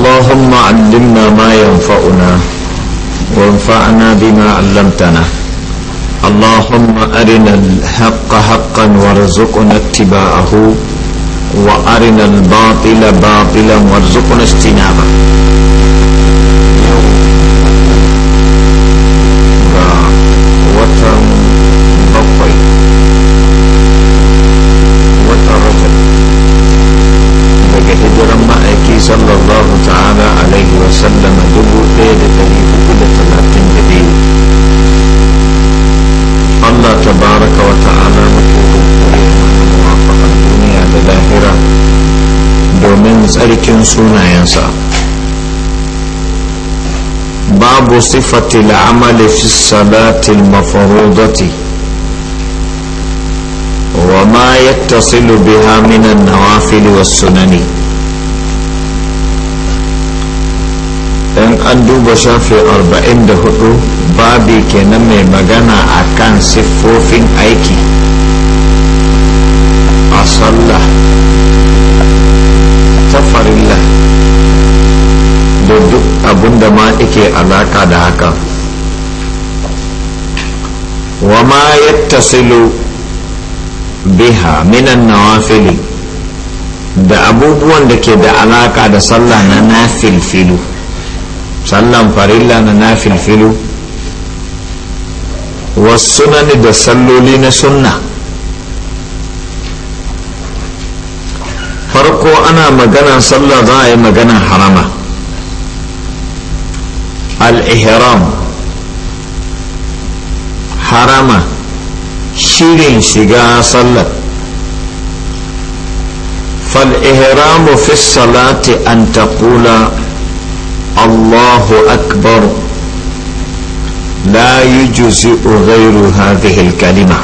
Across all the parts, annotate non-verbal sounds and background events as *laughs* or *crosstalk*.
اللهم علمنا ما ينفعنا وانفعنا بما علمتنا اللهم أرنا الحق حقا وارزقنا اتباعه وأرنا الباطل باطلا وارزقنا اجتنابه daga hijiran ma'aiki sallallahu ta'ala alaihi wa sallam dubu ɗaya da ɗari uku da talatin da biyu Allah tabaraka wa ta'ala muku mawafakar duniya da lahira domin tsarkin sunayensa babu sifati al'amali fi salati al-mafrudati وما يتصل بها من النوافل والسنن in an duba shafi 44 babi kenan mai magana a kan siffofin aiki a sallah ta farilla da duk da ma ike alaka da haka wa ma yattasilu biha minan nawafili da abubuwan da ke da alaka da sallah na nafilfilu filu sallan farilla na nafilfilu wasu ne da salloli na sunna farko ana magana sallah za a yi magana harama al-ihram harama shirin shiga sallar fal-ihramu fi salati an taqula الله أكبر لا يجزئ غير هذه الكلمة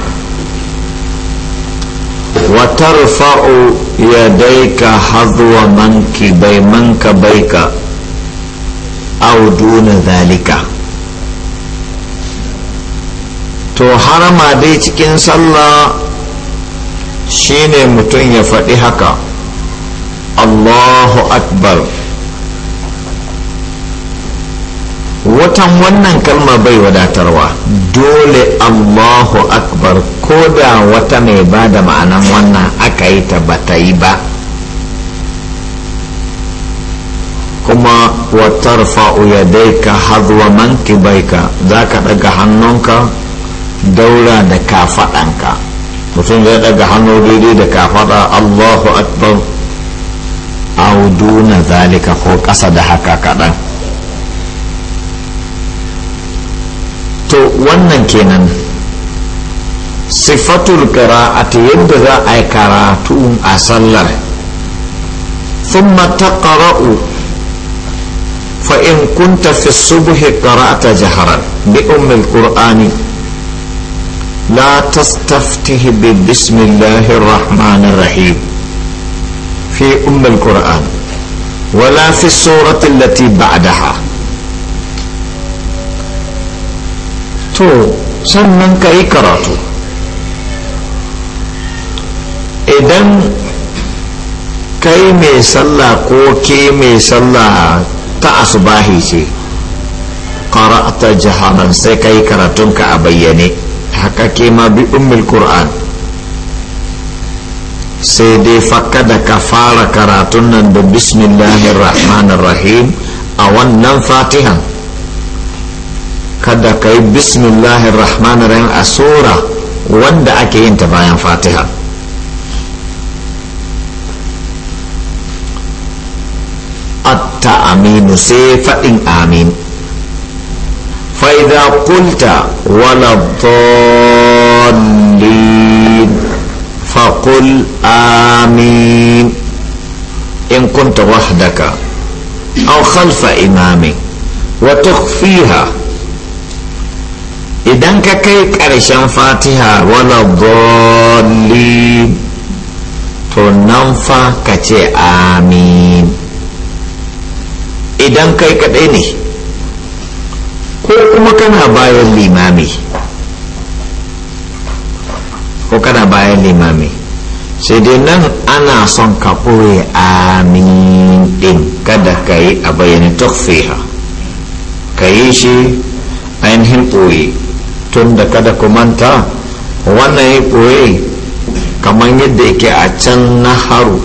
وترفع يديك حظو منك بيك أو دون ذلك تو harama dai cikin صلى شيني mutum ya الله أكبر watan wannan kalma bai wadatarwa dole allahu akbar ko da wata mai ba da ma'anan wannan aka yi ta bata yi ba kuma watar fa'uya dai ka hazuwa manki bai ka za ka daga hannunka daura da kafaɗanka mutum zai daga hannu daidai da kafaɗa allahu akbar auduna zalika ko ƙasa da haka kaɗan to wannan kenan sifatul qira'ati yadda za a yi karatu a sallar thumma taqra'u fa in kunta fi subh qara'ata jahran bi umm al-qur'ani la tastaftihi bi bismillahir rahmanir rahim fi umm al-qur'an ولا في السورة التي بعدها to sannan ka yi karatu idan kai mai sallah ko ke mai sallah ta asubahi ce karata jaharan sai yi karatunka a bayyane haka ke ma bi ummul qur'an sai dai fakka da ka fara karatun nan da bismillahir rahim a wannan fatihan kada ka yi bismillahir rahmanir rahim a sura wanda ake yin ta bayan fatiha atta aminu sai faɗin amin فإذا wala ولا الضالين فقل آمين إن كنت وحدك أو خلف إمامك وتخفيها idan ka kai ƙarshen fatiha wala dolli to nan fa ka ce amin idan kai kaɗai ne ko kuma kana bayan limami ko kana bayan limami sai dai nan ana son ka ɓoye amin ɗin kada ka yi a bayyana tukfiha ka yi shi ainihin ɓoye tun da kada ku manta wannan ya ɓoye kamar yadda yake a can na haru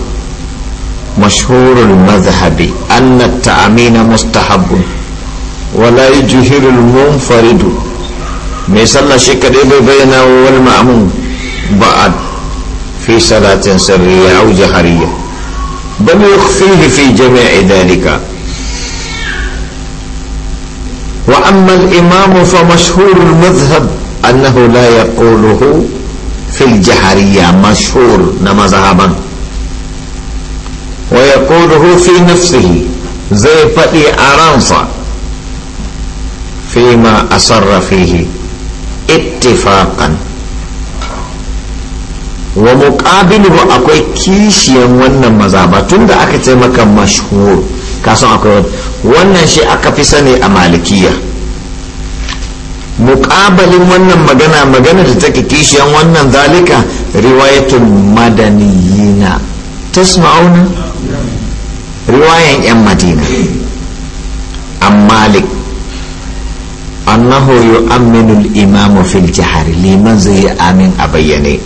mashhurul mazhabi anna ta'amina mustahabbun wala yujhirul munfaridu mai sallah shi kadai bai bayyana wa wani ma'amun ba'ad fi salatin sirriya au jahariya bal yukhfihi fi jami'i dalika وأما الإمام فمشهور المذهب أنه لا يقوله في الجهرية مشهور نمذهبا ويقوله في نفسه زي فتي أرانصا فيما أصر فيه اتفاقا ومقابله أكوي كيشيا ونمذهبا تند أكتمك مشهور kasan akwai wannan shi aka fi sani a malikiya muƙabalin wannan magana magana da take kishiyan wannan zalika riwayatul madaniyina tasma'una riwayan 'yan madina an malik annahu yu'amminu al-imamu fil jihar liman zai amin a bayyane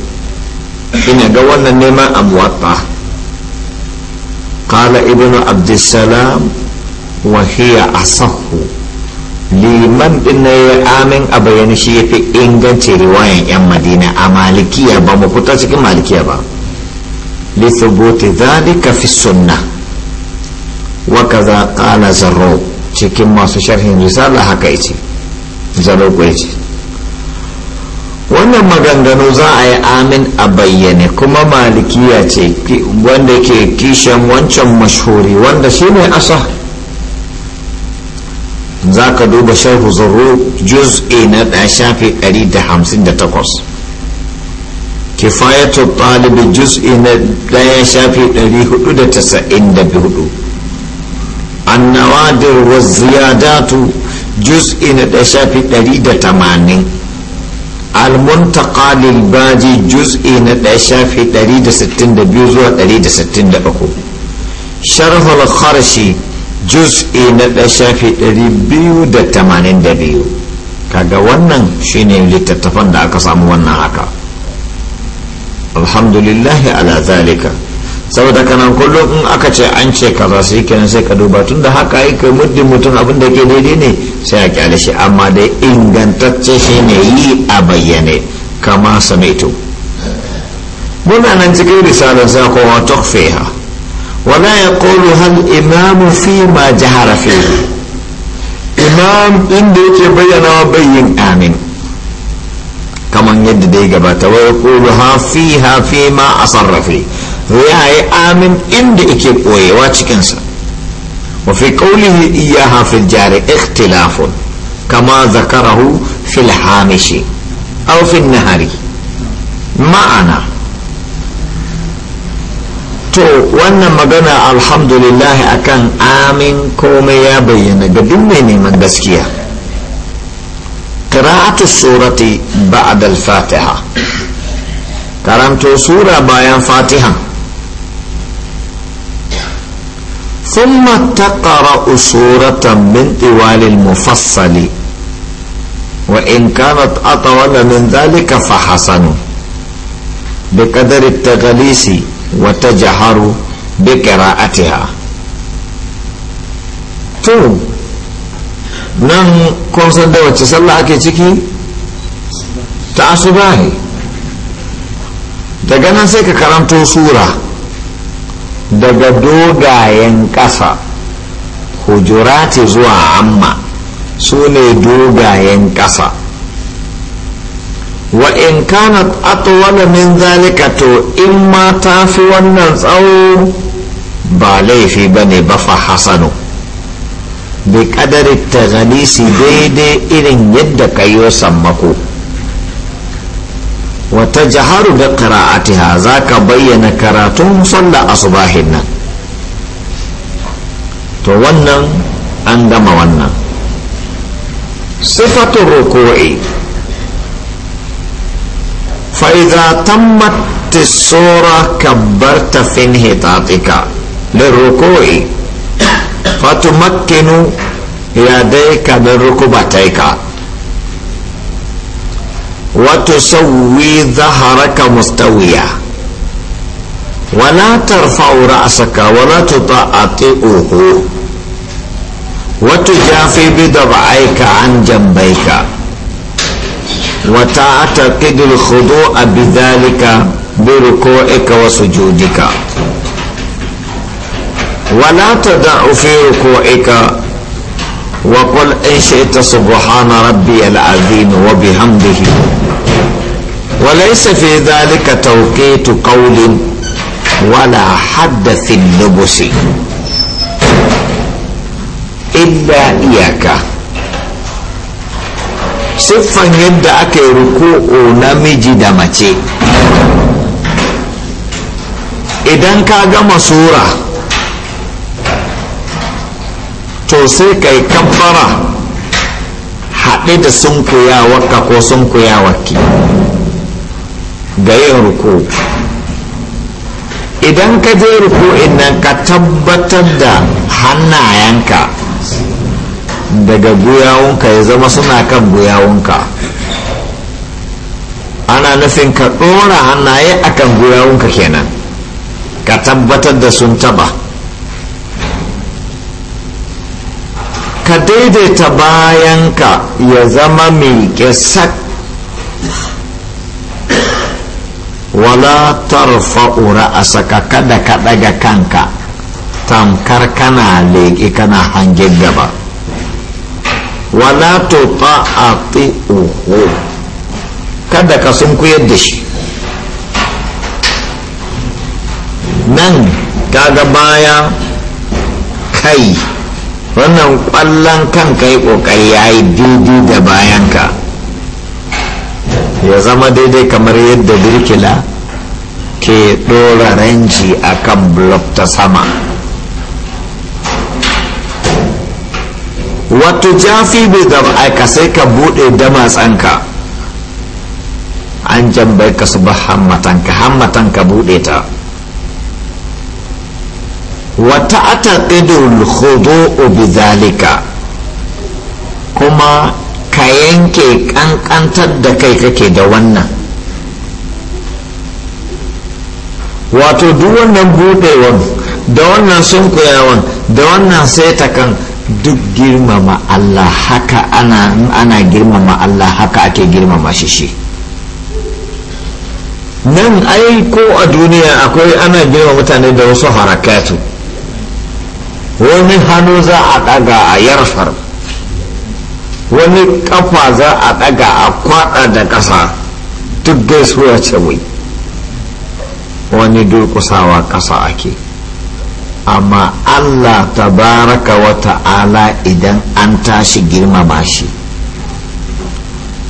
ina ga wannan neman amwatta قال ابن عبد السلام وهي أصح liman din ya amin a bayani shi ya fi inganci riwayan 'yan madina a malikiya ba mu fita cikin malikiya ba lithubuti dhalika fi sunna wa kaza qala zarro cikin masu sharhin risala haka yace zarro ko yace wannan maganganu za a yi amin a bayyane kuma malikiya ce wanda ke kishin wancan mashhuri wanda shi ne asa za ka duba sharhu zaro juz'i na ɗaya shafi 158 kifayatu talibi juz'i na daya shafi 494 annawadir wa ziyadatu juz'i na ɗaya shafi 180 almuntaka baji juz'i na ɗaya shafi 162 zuwa 163 sharhul kharshi juz'i na ɗaya shafi 282 kaga wannan shine littattafan da aka samu wannan haka alhamdulillahi ala zalika saboda kanan kullum in aka ce an ce kaza sai kenan sai ka duba tun da haka yi kai muddin mutum abin da ke daidai ne sai a kyale shi amma da ingantacce shi ne yi a bayyane kama samaito muna nan cikin risalar sa ko wa tukfiha wala yaqulu hal imam fi ma jahara fi imam inda yake bayyana wa bayyin amin kaman yadda dai gabata wa yaqulu ha fi ha fi ma a sarrafi. ya yi amin inda ike koyewa cikinsa wafi fi qawlihi iya fil jari ikhtilafun kama zakarahu fil hamishi aw nahari ma'ana to wannan magana alhamdulillah akan amin komai ya bayyana ga duk mai neman gaskiya قراءة السورة بعد الفاتحة karanto sura bayan فاتحة ثم تقرأ سورة من طوال المفصل وإن كانت أطول من ذلك فحسن بقدر التغليس وتجهر بقراءتها to nan kun san da wacce sallah ake ciki ta asubahi daga سوره daga dogayen ƙasa hujurati zuwa amma su ne dogayen ƙasa wa in kana atwala min zalika to in ma ta fi wannan tsawo ba laifi ba ne ba fa hasanu bi kadari ta daidai irin yadda ka wasan sammako وتجهر بقراءتها ذاك بين كراتون صلى أصباحنا تونا عندما ونا صفة الركوع فإذا تمت الصورة كبرت في انهضاتك للركوع فتمكن يديك من ركبتيك وتسوي ظهرك مستويا ولا ترفع رأسك ولا تطأطئه وتجافي بضبعيك عن جنبيك وتعتقد الخضوع بذلك بركوعك وسجودك ولا تدع في ركوعك وقل إن شئت سبحان ربي العظيم وبحمده wàlẹ́ sẹ́fẹ́ dálẹ́ kàtàwù kéétù kawulé wàlẹ́ àhàdà fi lọ́bọ̀sẹ̀ ẹgbẹ́ ìyàkà ṣe fanyẹ da aka ẹrù kó o idan ka gama sura to sai ka yi kafara haɗe da sunkuyawa ka ko sunkuyawa ke ga yin ruku idan ka je ruku nan ka tabbatar da hannayenka daga guyawunka ya zama suna kan guyawunka ana nufin ka ɗora hannaye akan guyawunka kenan ka tabbatar da sun taba ka daidaita bayanka ya zama mai sak wala a saka kada ka daga kanka tamkar kana leƙe kana hangen gaba wala uhu kada ka kuyar da shi nan kaga baya kai wannan kwallon kanka yi kokari ya yi daidai da bayanka ya zama daidai kamar yadda birkila ke dora ranji a kan blok ta sama wato jafi bai da aika sai ka bude damatsanka an jan bai ka su ba hammatanka hammatanka buɗe ta wata ata ƙidul hudu bi zalika kuma yanke ƙanƙantar da kai kake da wannan wato duk wannan buɗewan da wannan sunkuyawan da wannan saitakan duk girmama Allah haka ana girmama Allah haka ake girmama shi shi nan ai ko a duniya akwai ana girma mutane da wasu harakatu wani hannu za a ɗaga a yarfar wani kafa za a daga a kwada da kasa duk gaisuwa ce mai wani durkusawa kasa ake amma allah tabaraka wa ta'ala idan an tashi girmama shi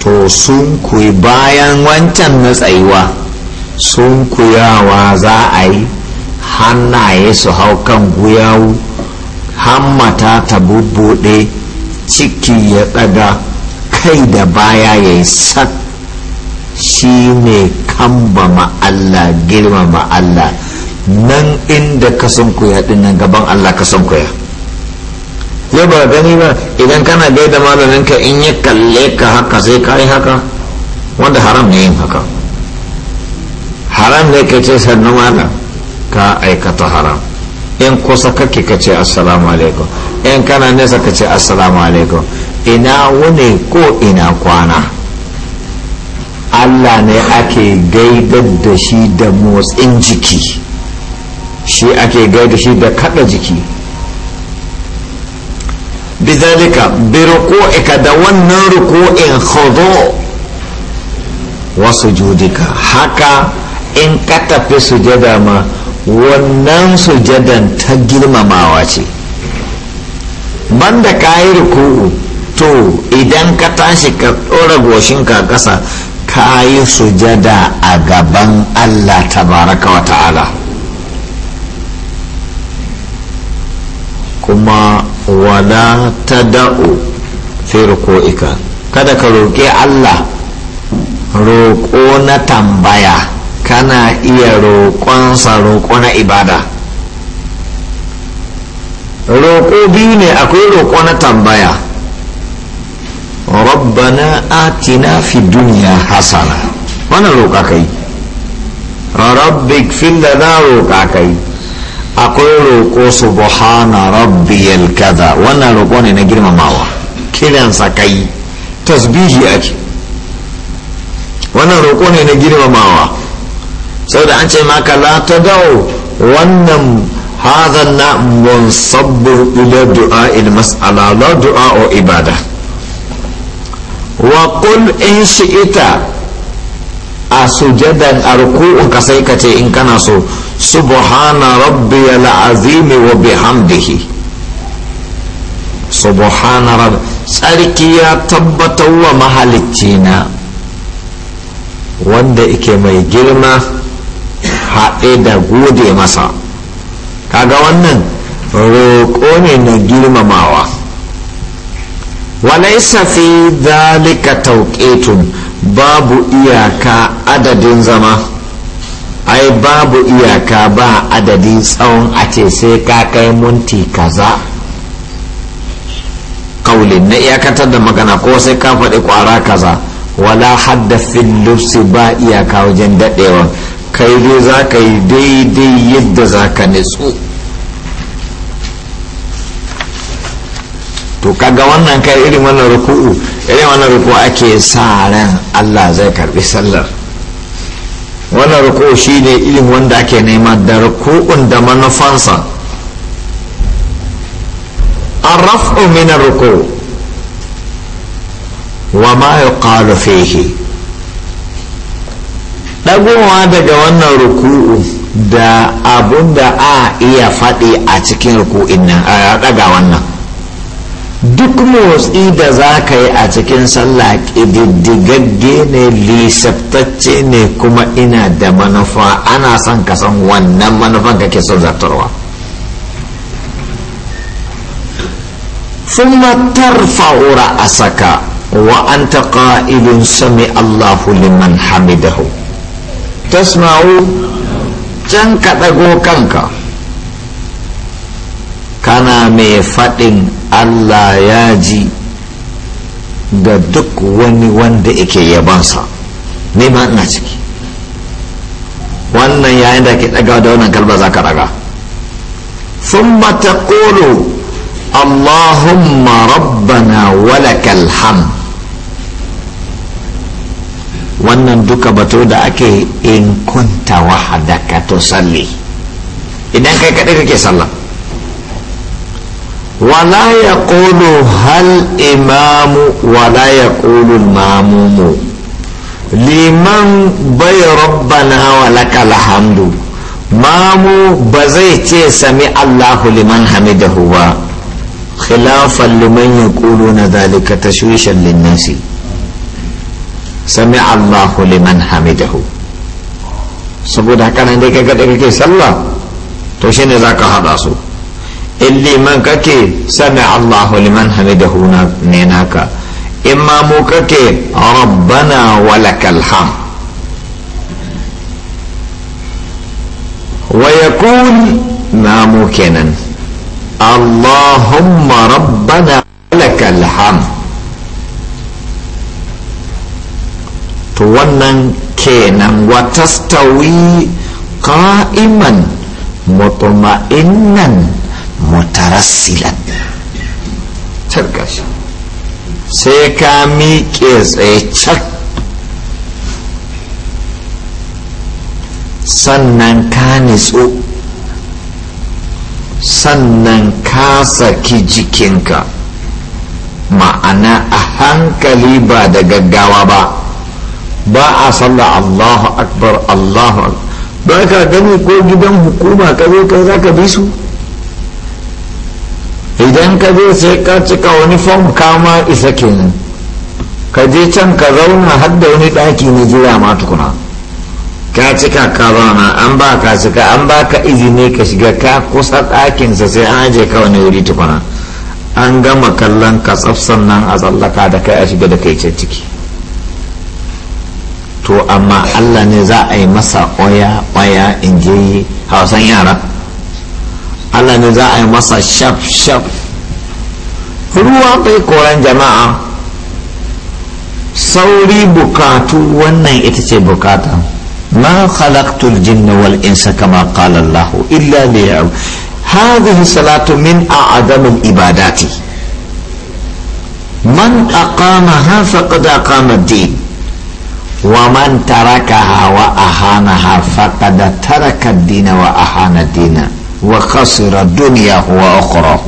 to sun kuyi bayan wancan na tsayuwa sun kuyawa za a yi hannaye su hau kan guyawu hammata ta bubbuɗe ciki ya ɗaga kai da baya ya yi sak shi ne kamba ma'alla girma ma'alla nan inda ka sunkuya ɗin gaban allah ka kuya yau ba gani ba idan kana gaida malaminka in ya kalle ka haka sai ka yi haka wanda haram ne yin haka haram ne ka ce sannu malam ka aikata haram in kusa kake ka ce assalamu alaikum in kana nesa ka ce assalamu alaikum ina wuni ko ina kwana allah ne ake gaidar da shi da motsin jiki shi ake gaida shi da kada jiki bizalika bi ruku'ika da wannan ruku'in khudu wa sujudika haka in ka tafi sujada ma wannan sujadan ta girmamawa ce banda ka yi ruku'u to idan ka tashi ka ɗora goshinka ƙasa ka yi sujada a gaban allah tabaraka wa ta'ala kuma wala ta da'u fi ruku'ika kada ka roƙe allah roƙo na tambaya kana iya roƙonsa roƙo na ibada roƙo biyu ne akwai roƙo na tambaya rabbana atina fi duniya hasana wannan roƙa kai rabbik fil da za roƙa kai akwai roƙo subhana rabbiyal kaza wannan roƙo ne na girmamawa kiransa kai tasbihi ake wannan roƙo ne na girmamawa saboda an ce maka la ta dawo wannan hazan na munsabbur ila du'a il mas'ala la du'a o ibada wa qul in shi'ita a sujadan arku'un ka sai ka ce in kana so subhana rabbiyal azim wa bihamdihi subhana rabb tsarki ya tabbatar wa mahalicci na wanda ike mai girma haɗe da gode masa kaga wannan roƙo ne na girmamawa walaisa fi zalika tauƙetun babu iyaka adadin zama ai babu iyaka ba adadi tsawon a ce sai ka kai munti kaza kaulin na iyakatar da magana ko sai ka faɗi ƙwara kaza wala hadda lufsi ba iyaka wajen daɗewa kai dai za ka yi daidai yadda za ka nitsu to kaga wannan kai irin wannan ruku'u irin wannan ruku'u ake sa ran allah zai karbi sallar wannan ruku'u shine irin wanda ake nema da ruku'un da manufansa rafu min ruku'u wa ma yuqalu fihi dagowa daga wannan ruku'u da abun da a iya faɗi a cikin ruku'in nan a ɗaga wannan duk motsi da za ka yi a cikin sallah ƙididdigagge ne lisabtacce ne kuma ina da manufa ana son ka san wannan manufan kake son zartarwa ثم ترفع رأسك وأنت قائل سمع الله لمن حمده tasma'u can ka ɗago kanka kana mai faɗin allah ya ji ga duk wani wanda yake yabansa ma ina ciki wannan yayin da ke ɗaga da wannan kalba za ka ɗaga sun mata allahumma rabbana walakal hamd wannan duka bato da ake in kunta wahadaka to salli idan kai kaɗai kake sallah wala ya ƙulu hal imamu wala ya ƙulu mamumu liman bai rabbana wala laka mamu ba zai ce sami allahu liman hamidahu ba khilafan liman ya ƙulu na zalika tashwishan linnasi سمع الله لمن حمده saboda haka nan dai kaga da kake sallah to shine zaka hada su in liman kake sami allahu liman hamidahu ne naka in ma mu kake rabbana walakal ham wa yakun ma mu kenan allahumma rabbana walakal ham to wannan kenan wata stawi kaiman mutarassilan tarka mutarassilan. sai ka miƙe tsaye cak sannan ka nitsu sannan ka saki jikinka ma'ana a hankali ba da gaggawa ba ba a salla Allahu akbar Allahu ba ka gani ko gidan hukuma ka zo ka zaka bi su idan ka je sai ka cika wani fom kama isa kenan ka je can ka zauna har da wani ɗaki na jira ma tukuna ka cika ka zauna an ba ka cika an ba ka izini ka shiga ka kusa ɗakinsa sai an je ka wani wuri tukuna an gama kallon ka tsafsan nan a tsallaka da kai a shiga da kai can ciki to amma Allah ne za a yi masa oya oya in je hausan yara Allah ne za a yi masa shaf shaf ruwa bai koran jama'a sauri bukatu wannan ita ce bukata ma khalaqtul jinna wal insa kama qala Allah illa liya'bud hadhihi salatu min a'zamil ibadati man aqamaha faqad aqama ad-din ومن ترك هوا أهانها فقد ترك الدين وأهان الدين وخسر الدنيا وأخره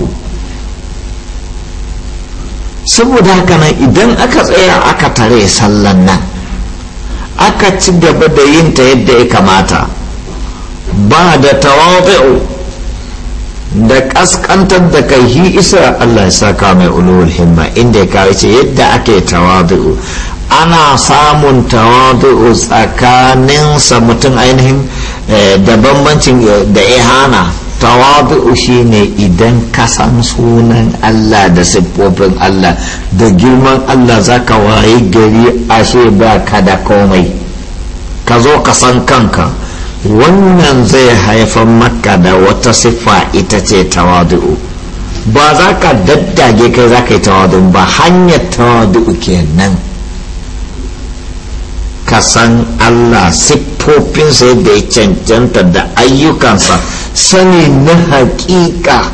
سبو داكا نا إدن أكا تريا أكا تريا سلنا أكا تجد بدا ينتا يدى إكماتا بعد تواضع دك أسك أنت هي إسا الله إسا أولو الهمة إن دكا يدى أكي تواضع ana samun tawadu tsakaninsa mutum ainihin eh, da bambancin eh, da ihana tawadu shi ne idan ka san sunan Allah da siffofin Allah da girman Allah za ka waye gari ashe ba ka da komai ka zo ka san kanka wannan zai haifar maka da wata siffa ita ce tawadu ba za ka daddage kai za ka yi tawadu ba hanyar tawadu kenan nan kasan Allah siffofinsa yadda ya cancanta da ayyukansa sani na hakika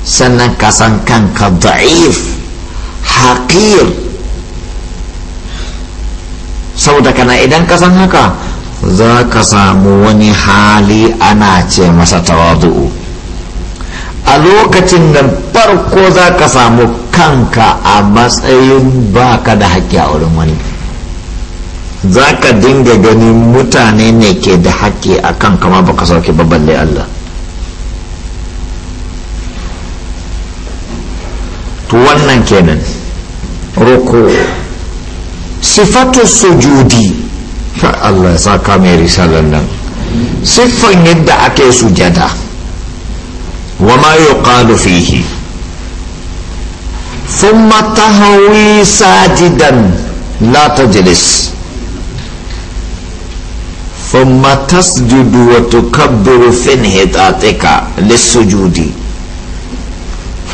sannan kasan kanka da'if haƙir saboda kana idan kasan haka za ka samu wani hali ana ce masa tawadu'u a lokacin da farko za ka samu kanka a matsayin baka da haƙƙi a wurin wani za ka dinga ganin mutane ne ke da haƙƙi a kan kama baka sauke babban da Allah to wannan kenan roko sifatu sujudi Allah ya saka mai risalar nan siffan yadda ake sujada wa ma yuqalu fihi thumma tahwi sajidan la tajlis ثم تسجد وتكبر في انحطاطك للسجود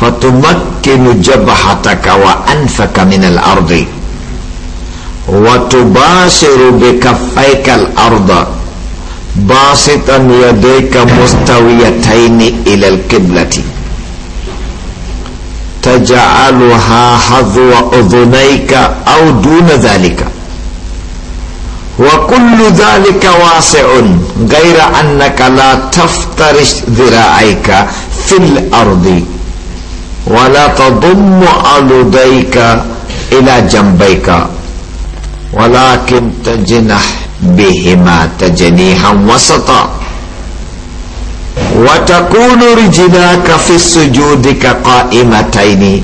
فتمكن جبهتك وأنفك من الأرض وتباشر بكفيك الأرض باسطا يديك مستويتين إلى القبلة تجعلها حظو أذنيك أو دون ذلك وكل ذلك واسع غير أنك لا تفترش ذراعيك في الأرض ولا تضم عضديك إلى جنبيك ولكن تجنح بهما تجنيها وسطا وتكون رجلاك في السجود كقائمتين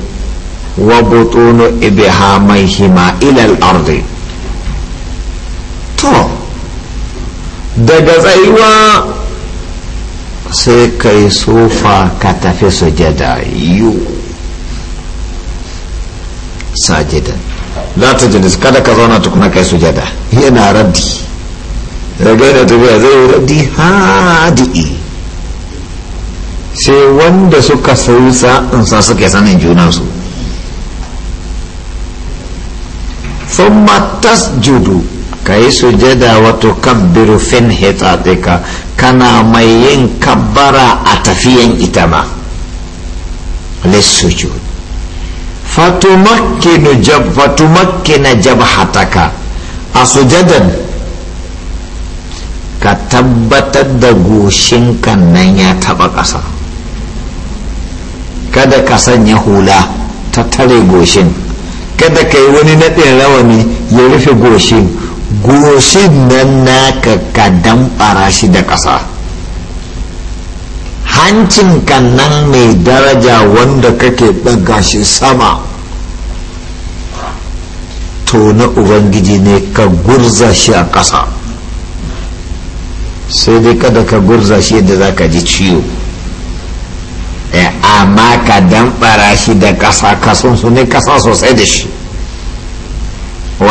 وبطون إبهاميهما إلى الأرض daga tsayuwa sai ka yi sofa ka tafi sujada yiwu sajidan za ta kada ka zauna tukuna kai sujada yana raddi daga yana tafiya zai yi raddi hadi'i sai wanda suka sayi sa suke sanin junansu sun matas judu ka yi sujada wato kabbiru fin hitatika kana mai yin kabbara a tafiyan ita ma lissujud fatumakkinu jab fatumakkina jabhataka a sujadan ka tabbatar da goshinka nan ya taba ƙasa kada ka sanya hula ta tare goshin kada ka yi wani naɗin rawani ya rufe goshin goshin nan naka ka damfara shi da ƙasa hancin kan nan mai daraja wanda kake ɗaga shi sama to na ubangiji ne ka gurza shi a ƙasa sai dai kada ka gurza shi da za ka ji ciwo eh, amma ka damfara shi da ƙasa su ne ƙasa sosai da shi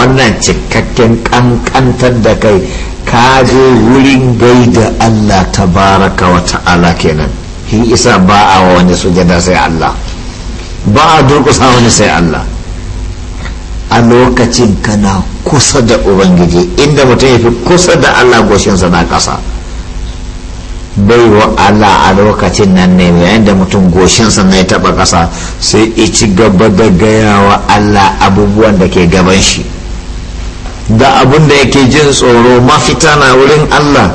wannan cikakken kankantar da kai ka je wurin gaida Allah ta baraka wa ta'ala kenan shi isa ba a wani sujada sai Allah ba a durkusa wani sai Allah a lokacin kana kusa da ubangiji inda mutum ya fi kusa da Allah goshinsa na kasa bai wa Allah a lokacin nan ne yayin da mutum goshinsa na ya taba kasa sai ci gaba da gaya wa Allah abubuwan da ke gaban shi da abin da yake jin tsoro mafita na wurin allah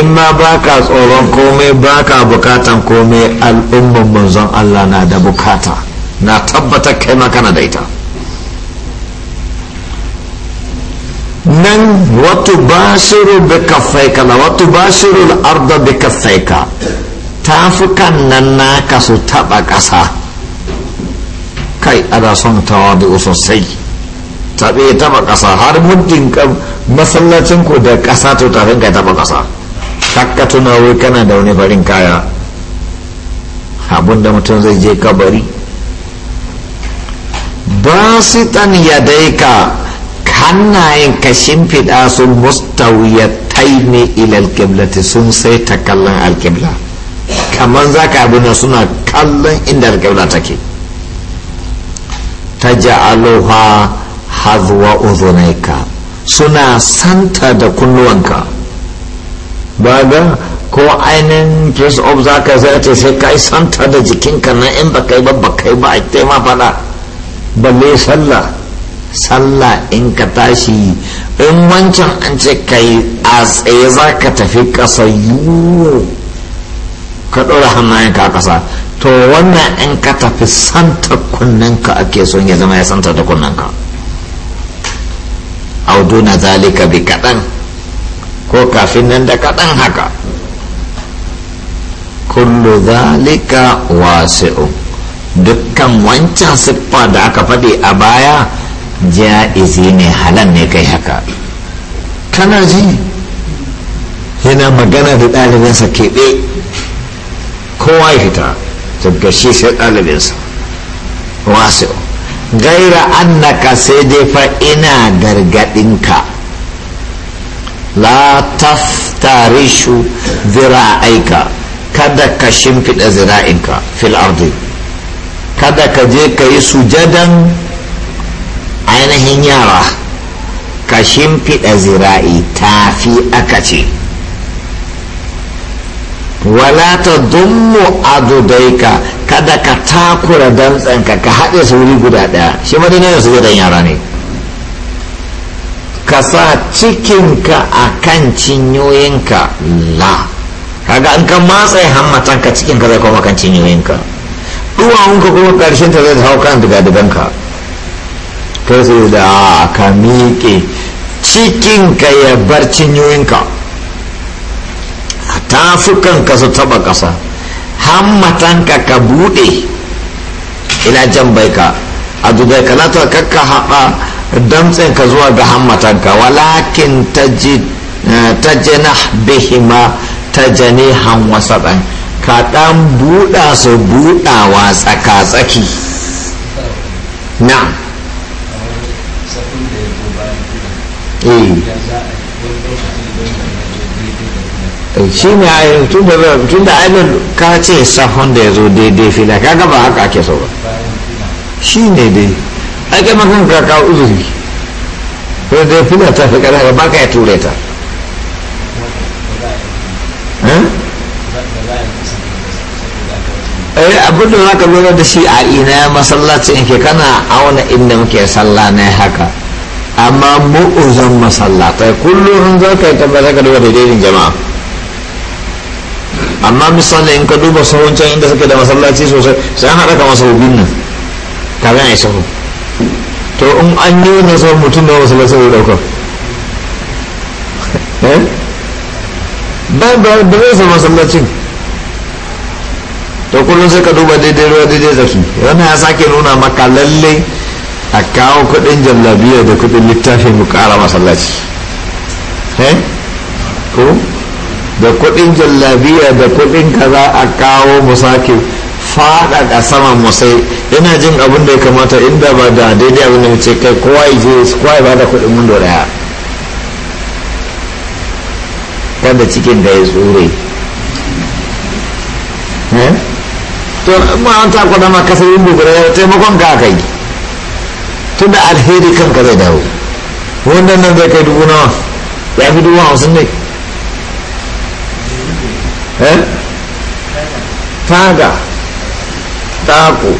in ma baka tsoron komai baka bukatan komai al'umman manzon allah na da bukata na tabbatar kai makana da ita nan watu bashiru bi kaffaika la watu bashiru al-arda bi kaffaika tafukan nan naka su taba kasa kai ana son tawadu sosai tabe taba ƙasa har muddin masallacin ku da ƙasa to tafin ka taba kasa takka tuna wai kana da wani farin kaya abinda mutum zai je kabari Ba su tan basitan ka hannayen ka shimfiɗa su mustawiyatai ne ilal kiblati sun sai ta kallon alkibla kamar za ka abin suna kallon inda alkibla take ta ja'aluha hazuwa uzunaika suna santa da kunnuwanka ba ga ko ainihin press of za ka zai ce sai ka santa da jikinka na in ba kai ba ba kai ba a tema fada balle sallah sallah in ka tashi in wancan an ce kai a tsaye za ka tafi ƙasa yiwu ka ɗora hannayen ka ƙasa to wannan in ka tafi santa kunnenka ake son ya zama ya santa da kunnenka auduna zalika bi kaɗan ko kafin nan da kaɗan haka kullu zalika wasi'u dukkan wancan siffa da aka faɗi a baya ja'izi ne halan ne kai haka kana ji yana magana da ɗalibinsa keɓe kowa ya fita daga shi sai ɗalibinsa wasi'u gaira annaka sai dai fa ina gargadinka la taftarishu zira'aika kada ka shimfida zira'inka fil ardi kada ka je ka yi sujadan ainihin yara ka shimfiɗa zira'i tafi aka ce wala ta dummu ka kada ka takura dantsanka ka haɗe su wuri guda ɗaya shi madina su dan yara ne ka sa cikinka a kan cinyoyinka la kaga an ka matsa hammatanka cikinka zai koma kan cinyoyinka duwawunka kuma ƙarshen ta zai hau kan ka. kai sai da ka miƙe cikinka ya bar cinyoyinka ka su taba ƙasa hammatanka ka buɗe ina jan bai ka a dubai ka nata kakka haɓa ka zuwa ga hammatanka walakin ta eh, jana bihima ta jane han wasaɗan ka ɗan buɗa su buɗawa tsaka-tsaki na eh shi ne a tun da ainihin ka ce sahun da ya zo daidai fila ka gaba haka ake so ba shi ne dai ake makon ka kawo uzuri ko da fila ta fi kara ba ka ya ture ta eh? eh abin da za ka lura da shi a ina ya masallaci in ke kana auna inda muke sallah na haka amma mu'uzan masallatai kullum za ka yi tabbatar da daidai jama'a amma misali in ka duba sahun can inda suke da masallaci sosai sai an haɗa kama sau nan kafin a yi sahu to in an yi wannan sahun mutum da masallaci zai ɗaukar ba ba zai sa masallacin to kullum sai ka duba daidai ruwa daidai zafi wannan ya sake nuna maka lalle a kawo kuɗin jallabiya da kuɗin littafi mu ƙara masallaci ko da kudin jallabiya da kudin ka za a kawo mu sake faɗaɗa sama mu sai ina jin abin da ya kamata inda ba da daidai abin da mace kai kowa ya je kowa ba da kudin mun daya kada cikin da ya tsure eh? to ma an ta kwada ma kasar yin dogara taimakon ka kai tun da alheri kanka zai dawo wanda nan zai kai dubu nawa ya fi dubu hamsin ne Eh? taga tako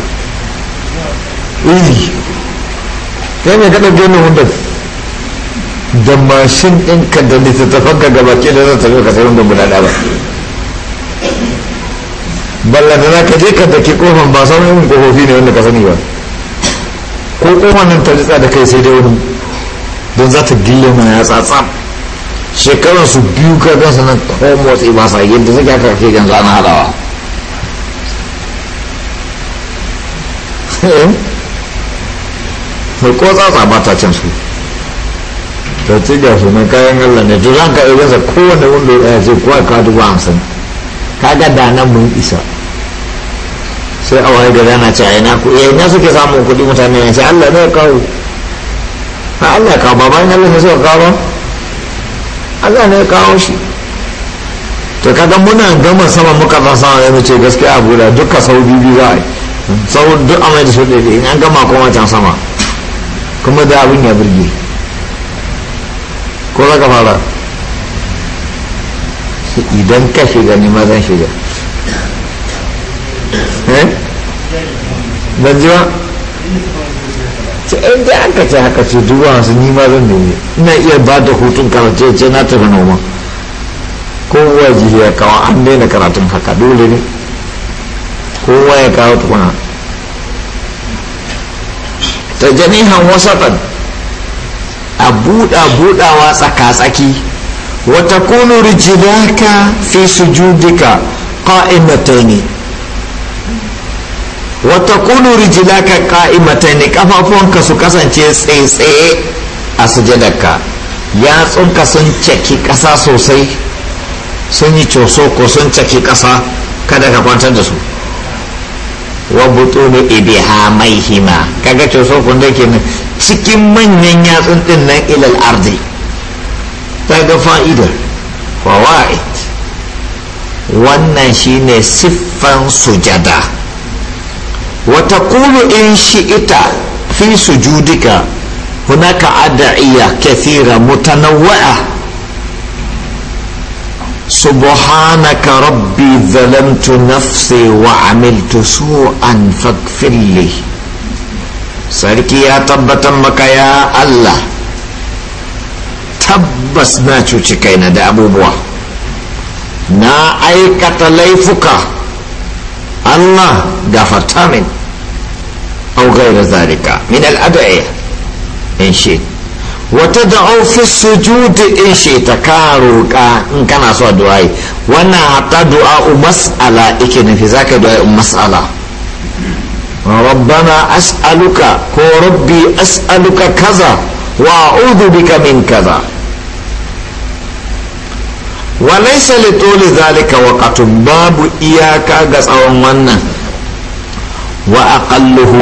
izi kai ne kaɗa gani wanda da mashin ɗinka da littattafan ka gaba ke da zata ka sayi wanda guda ɗaba ballanta na ka je ka da ke kofan ba sauran yin kofofi ne wanda ka sani ba ko kofan nan ta ritsa da kai sai dai wani don za ta gille mana ya tsatsam Shekaru su biyu ka gansa nan homos ibasa yadda suke aka ke gansu ana hadawa mai ko tsatsa ba ta can su ta ce ga su mai kayan allah ne to zan ka irinsa kowane wanda ya ce kuwa ka dubu hamsin kaga da nan mun isa sai a wani gari ana ce a ina ku eh na suke samun kuɗi mutane ne sai allah ne ya kawo Allah ka ba bayan Allah ne suka kawo Allah ne ya kawo shi to kaga muna gama sama muka ba sama ya mace gaskiya abu da duka sau biyu za a yi sau duk amai da su daidai in an gama kuma can sama kuma da abin ya birge ko za ka fara idan ka shiga ne ma zan shiga eh? ban ji ce in dai aka ce haka ce dubu hamsin ni ma zan nemi ina iya ba da hutun karatu ce na tafi noma kowa ya kawo an daina karatun haka dole ne kowa ya kawo tukuna ta jani janihan wasatan a buɗa buɗawa tsaka-tsaki wata kunu rijilaka fi sujudika ƙa'imataini wata kunu ka ka'imata ne kafafunka su kasance tsaye-tsaye a sujadarka yatsunka sun caki ƙasa sosai sun yi coso ko sun caki ƙasa kada ka kwantar da su wa butunu hima kaga coso kun da ke cikin manyan yatsun din nan ilal ardi ta ga fa'ida wa'id wannan shine siffan sujada wata kulu in shi'ita fi sujudika hunaka ad'iya kathira mutanawwa'a سبحانك ربي ظلمت نفسي وعملت سوءا فاغفر لي sarki ya tabbatar maka ya Allah tabbas na cuci kaina da abubuwa na aikata laifuka Allah gafarta min au gaira zalika min al'adaya in shi wata da ofis sujudi in shi ta ka roƙa in kana so yi wannan hatta du'a mas'ala yake nufi zaka du'a mas'ala ربنا أسألك كو ربي أسألك كذا وأعوذ بك من kaza. walaisa litoli zalika waqatun babu iyaka ga tsawon wannan wa aqalluhu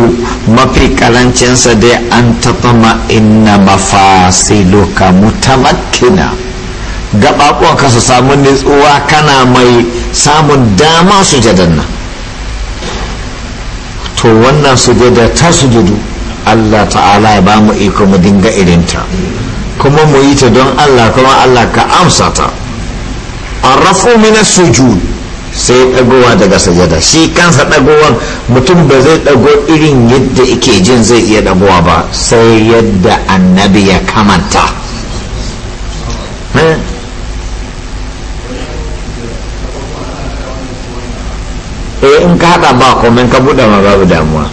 mafi karancinsa dai an taɓa inna mafasiluka mutamakkina gaɓaɓonka su samu nitsuwa kana mai samun dama su jadanna to wannan sujada ta sujudu allah ta'ala ya ba mu iko mu dinga irinta kuma mu yi ta don allah kuma allah ka amsa ta arrafu mina sujud sai dagowa daga sajada shi kansa dagowan mutum ba zai dago irin yadda ike jin zai iya dagowa ba sai yadda annabi ya kamanta eh, eh in ka hada ba komen ka buɗe ma babu damuwa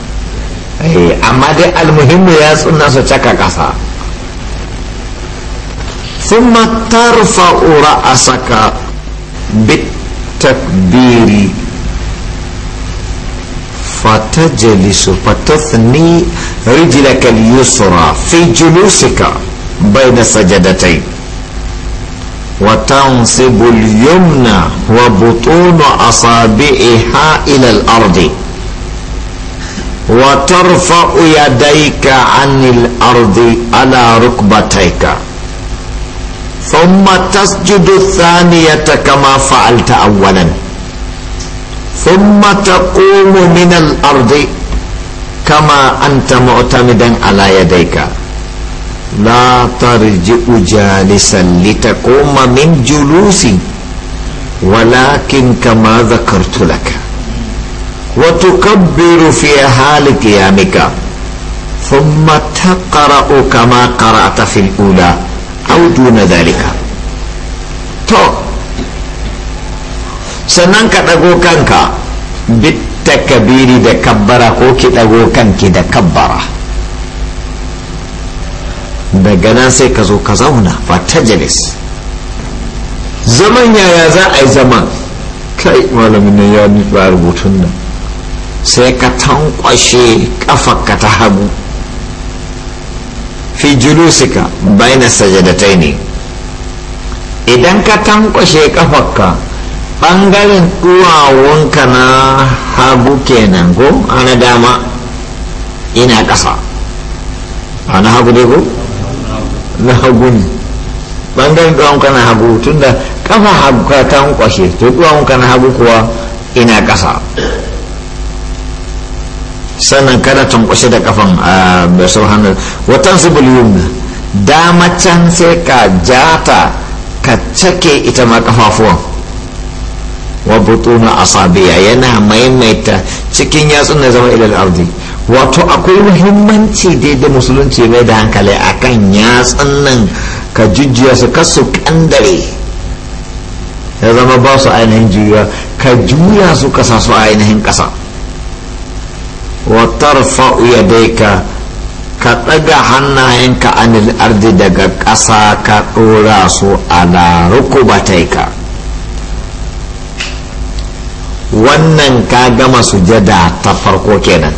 eh, amma dai almuhimmi ya tsunna su caka ƙasa ثم a saka. بالتكبير فتجلس فتثني رجلك اليسرى في جلوسك بين سجدتين وتنصب اليمنى وبطون أصابعها إلى الأرض وترفع يديك عن الأرض على ركبتيك ثم تسجد الثانية كما فعلت أولا ثم تقوم من الأرض كما أنت معتمدا على يديك لا ترجع جالسا لتقوم من جلوس ولكن كما ذكرت لك وتكبر في حال قيامك ثم تقرأ كما قرأت في الأولى au duna zalika to sannan ka ɗago kanka bit kabiri da kabbara ko ki ɗago kanki da kabbara daga nan sai ka zo ka zauna fatajalis zaman yaya za a yi zaman kai malamin nan ya rubutun nan sai ka tankwashe ka ta hagu fi julusika baina sajadataini idan ka tankwashe kafarka bangaren duwawunka na hagu kenan ko ana dama ina ƙasa a na hagu dai ko na hagu ne bangaren duwawunka na hagu tunda kafa hagu ka tankwashe to duwawunka na hagu kuwa ina ƙasa sannan kada tankwashe da kafan a basar hannun watan su dama can sai ka jata ka cake ita ma kafafuwan wa butuna asabiya yana maimaita cikin yatsun na zama ilal ardi wato akwai muhimmanci daidai musulunci mai da hankali akan yatsun nan ka jujjuya su kasu kandare ya zama ba su ainihin juya ka juya su kasa su ainihin kasa وترفع يديك كتجا حناينك عن الأرض دقا قصاك أولاس على ركبتيك wannan ka gama sujada ta farko kenan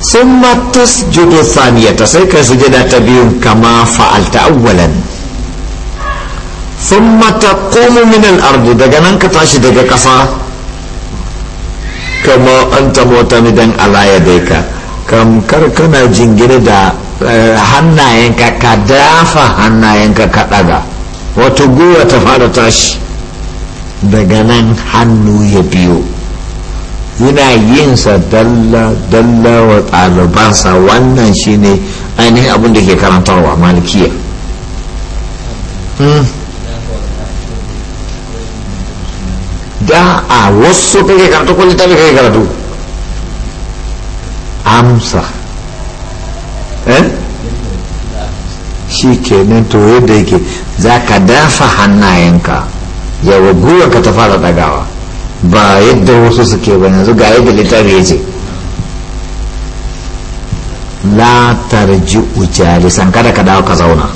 sun matus judo saniyata sai ka sujada ta biyun kama fa'alta awwalan sun mata komu minal ardu daga nan ka tashi daga ƙasa kama an tamota midan alaya daika kam kar kana jingire da eh, hannayenka ka dafa hannayenka ka daga wato guwa ta fara tashi daga nan hannu ya biyo yana yin sa dalla dalla wa ɗalibansa wannan shine ainihin abin da ke karantarwa malikiya hmm. a wasu kai karatu ko littafi kai karatu amsa shi shi kenan to yadda yake za ka dafa hannayenka yawa gwiwa ka ta fara dagawa ba yadda wasu suke ba yanzu ga yadda littafi ya ce la tarji ujalisan kada ka dawo ka zauna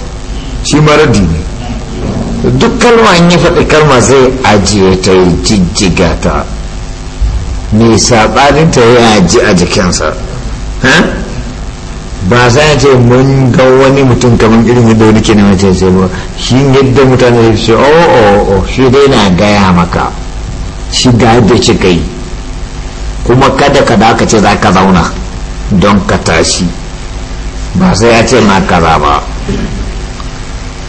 shi maradi ne duk kalma an yi faɗi kalma zai ajiye ta yi jijjiga ta mai saɓanin ta ya ji a jikinsa ba sai ya ce mun ga wani mutum kamar irin yadda wani ke nema ce ba shi yadda mutane su o o shi dai na gaya maka shi ga yadda ce kai kuma kada ka da ka ce za ka zauna don ka tashi ba sai ya ce ma kaza ba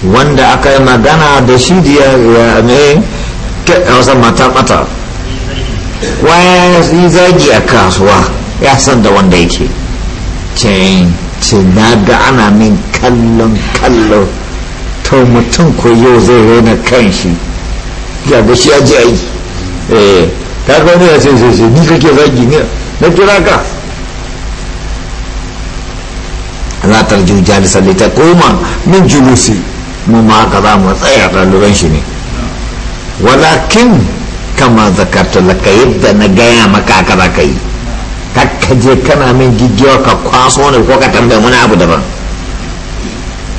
wanda aka yi magana da shi ya ne wasan mata mata waya yi zagi a kasuwa ya san da wanda yake cin na ga ana min kallon kallon to mutum ko yau zai raina kan shi ya ga shi ya ji yi eh ta ga wani ya ce sai sai ni kake zagi ne na kira ka ratar jujjali sallita koma min julusi mu ma haka za mu tsaya ɗaliban shi ne walakin kama zakarta laka yadda na gaya maka haka za ka yi kakkaje kana min gijiyar ka kwaso ne ko ka tambaye wani abu daban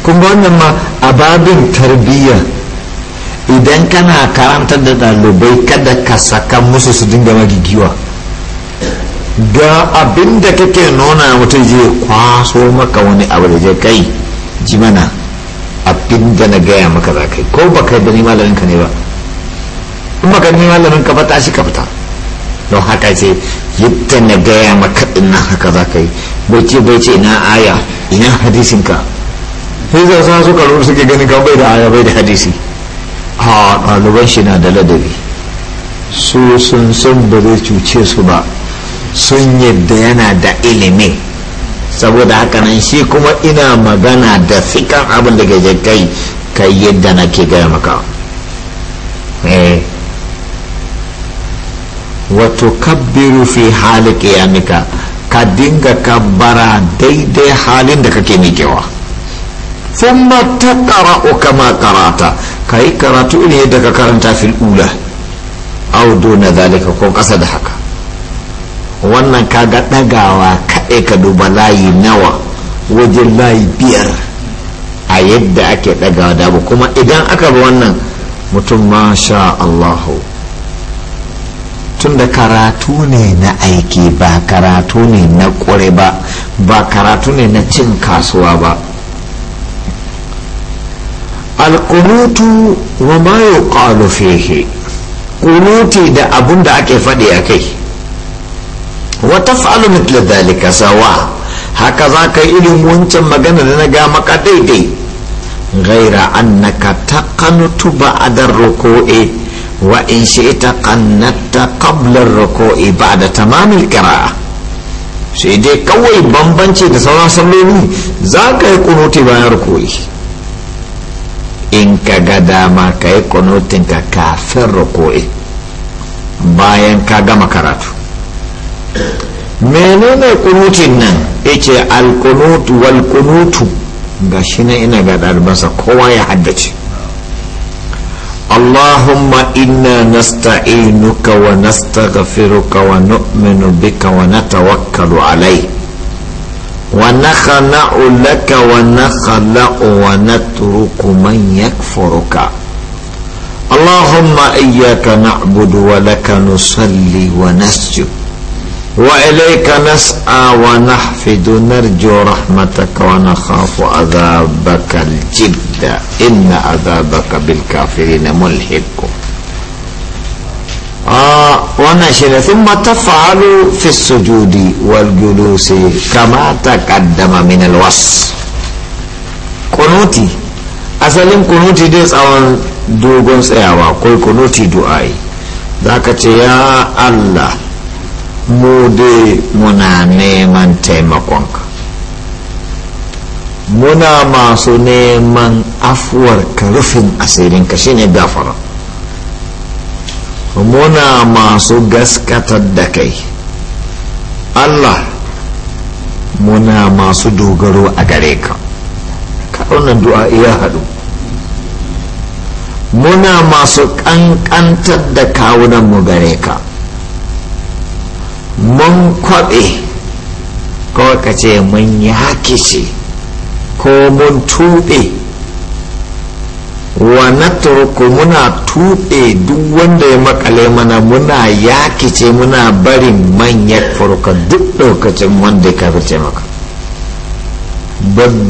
kun wannan ma a babin tarbiyya idan kana karantar da ɗalibai kada ka saka musu su dinga magigiwa ga abin da kake nuna mutum je kwaso maka wani abu da je kai ji mana da na gaya maka za ka yi ko ba ka yi da ni malamin ne ba in ba ka ni malamin ka ba ta shi ka fita don haka ce yadda na gaya maka ina haka za ka yi bai ce bai ce ina aya ina hadisin ka sai za su suka suke ganin kan bai da aya bai da hadisi a ɗaliban shi na da ladabi su sun san ba zai cuce su ba sun yadda yana da ilimi saboda haka nan shi kuma ina magana da fikan abin da ke kai kai yadda na ke gaya maka eh. wato kabbiru fi hali kiyamika ka dinga kabbara daidai halin da kake miƙewa sun ta ƙara'u kama karata ka yi karatu ne yadda ka karanta fil ula audu na zalika ko ƙasa da haka wannan kaga ɗagawa sai ka duba layi nawa wajen layi biyar a yadda ake ɗaga dabu kuma idan aka bi wannan mutum masha allahu tunda karatu ne na aiki ba karatu ne na ƙure ba ba karatu ne na cin kasuwa ba alkunutu wa ma ƙalufe he. da abun da ake faɗi a kai wa taf'alu mithla dhalika sawa haka za ka yi irin wancan magana da na ga maka daidai ghaira annaka taqanutu ba'da ruku'i wa in shi'ta qannatta qabla ruku'i ba'da tamamil qira'a sai dai kawai bambanci da sauran salloli za ka yi kunuti bayan ruku'i in ka ga dama ka yi kunutinka kafin ruku'i bayan ka gama karatu menene kunutin nan yace alkunut wal kunutu gashi nan ina ga ɗalibansa kowa ya haddace اللهم إنا نستعينك ونستغفرك ونؤمن بك ونتوكل عليك ونخلع لك ونخلع ونترك من يكفرك اللهم إياك نعبد ولك نصلي ونسجد وإليك نسعى ونحفد نرجو رحمتك ونخاف عذابك الجد إن عذابك بالكافرين ملحق آه ثم تفعل في السجود والجلوس كما تقدم من الوص قنوتي أسلم قنوتي ديس أو دوغونس إيوا قل قنوتي دعائي ذاك يا الله mu dai muna neman taimakonka muna masu neman afuwarka rufin asirinka shine gafara muna masu gaskatar da kai allah muna masu dogaro a gare ka wannan du'a iya haɗu muna masu ƙanƙantar da kawunanmu gare ka mun kwaɓe kawai ka ce mun yakice ko mun tuɓe wa na muna tuɓe duk wanda ya makale mana muna yakice muna barin manyan furka duk lokacin wanda ya kafirce maka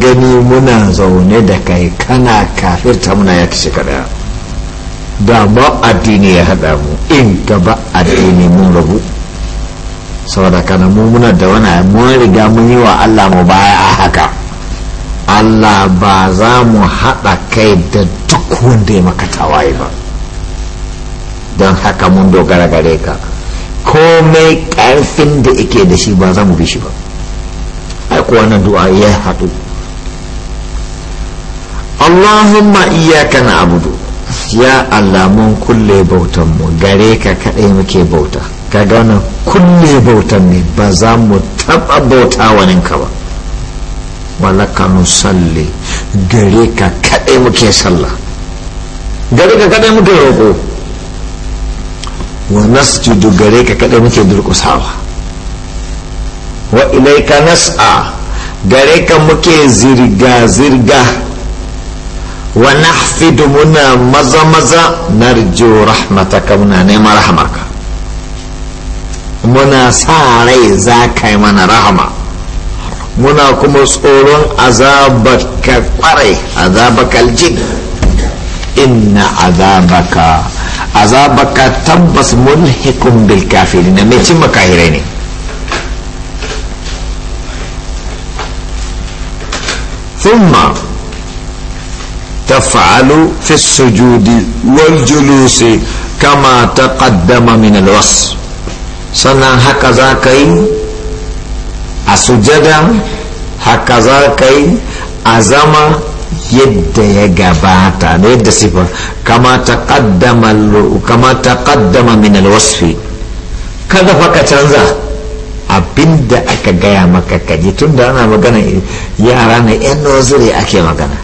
gani muna zaune da kai kana kafirta muna yakice kaɗaya da ma addini ya haɗa mu in gaba addini mun rabu saboda kana mu muna da wani mun riga mun yi wa Allah mu baya a haka Allah ba za mu haɗa kai da duk wanda ya maka tawaye ba don haka mun dogara gare ka komai ƙarfin da ike da shi ba za mu bi shi ba ai kuwa du'a ya haɗu Allahumma iyyaka na'budu ya Allah mun kulle bautan mu gare ka kaɗai muke bauta kaga wannan kulle bautan ne ba za mu taɓa bauta waninka ba walaka musalli gare ka kaɗai muke sallah gare ka kaɗai muke roƙo wa nasjudu gare ka kaɗai muke durƙusawa wa ilaika nas'a gare ka muke zirga-zirga wa nahfidu muna maza-maza narjo rahmataka muna neman rahmarka muna sa rai za ka yi mana rahama muna kuma tsoron azabaka kwarai azabaka aljin inna azabaka azabaka tabbas mulhikun bil kafirin mai cin makahirai ne ثم تفعل في السجود والجلوس كما تقدم من الوصف sannan haka za ka yi a sujada haka za ka yi a zama yadda ya gabata da yadda sifa kama ta kaddama min alwasfi kada fa ka canza abinda aka gaya maka kaji tun da ana magana yara na yan nozure ake magana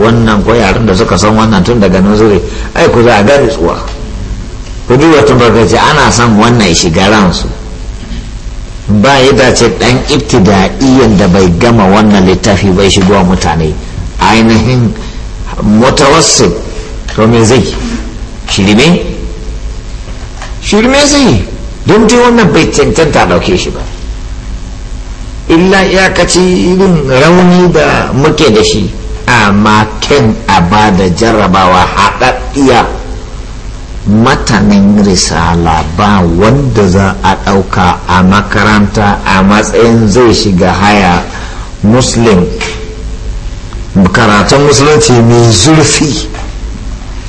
wannan ko yaran da suka san wannan tun daga nozure ai ku za a gane tsuwa kudi wata bagaji ana son wannan shiga ransu ba yi dace dan ibtida'iyan da bai gama wannan littafi bai shigo mutane ainihin mutawassit to me zai shirme shirme zai don ta wannan bai cancanta dauke shi ba illa iyakaci irin rauni da muke da shi amma ken a ba da jarrabawa haɗaɗɗiya matanin risala ba wanda za a ɗauka a makaranta a matsayin zai shiga haya muslim karatun musulunci mai zurfi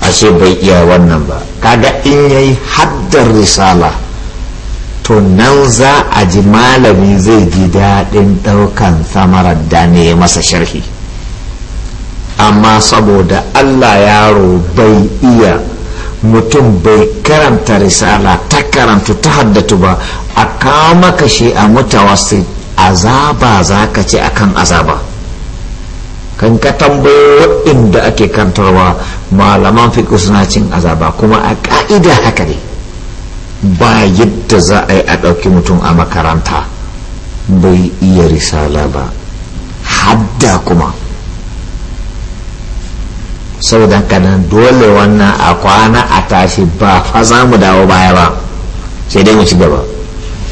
a ce bai iya wannan ba kaga in yi haddar risala to nan za a ji malami zai ji daɗin ɗaukan samarar da ne masa sharhi amma saboda allah yaro bai iya mutum bai karanta risala ta karanta ta haddatu ba a kama kashe shi a mutawassit azaba za ka ce akan azaba kan ka tambayo waɗanda ake kantarwa malaman fiƙo suna cin azaba kuma a ƙa'ida haka ne ba yadda za a yi a ɗauki mutum a makaranta bai iya risala ba hadda kuma saboda kanan dole wannan a kwana a tashi ba fa za mu dawo baya ba sai dai mu ci gaba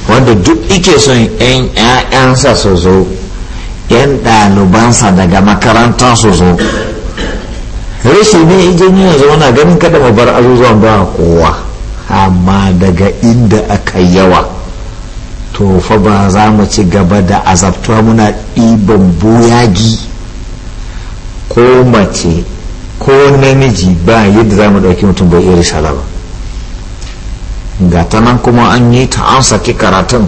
wanda duk ike son 'yan 'ya'yansa su zo 'yan ɗalibansa daga makaranta su zo rashi ne idan yana zauna ganin kada mu bar azuzuwan ba kowa amma daga inda aka yawa to fa ba za mu ci gaba da azabtuwa muna ɗiban boyagi ko mace ko namiji ba yadda za mu ɗauki mutum bai iri risala ba ga ta nan kuma an yi ta an saki karatun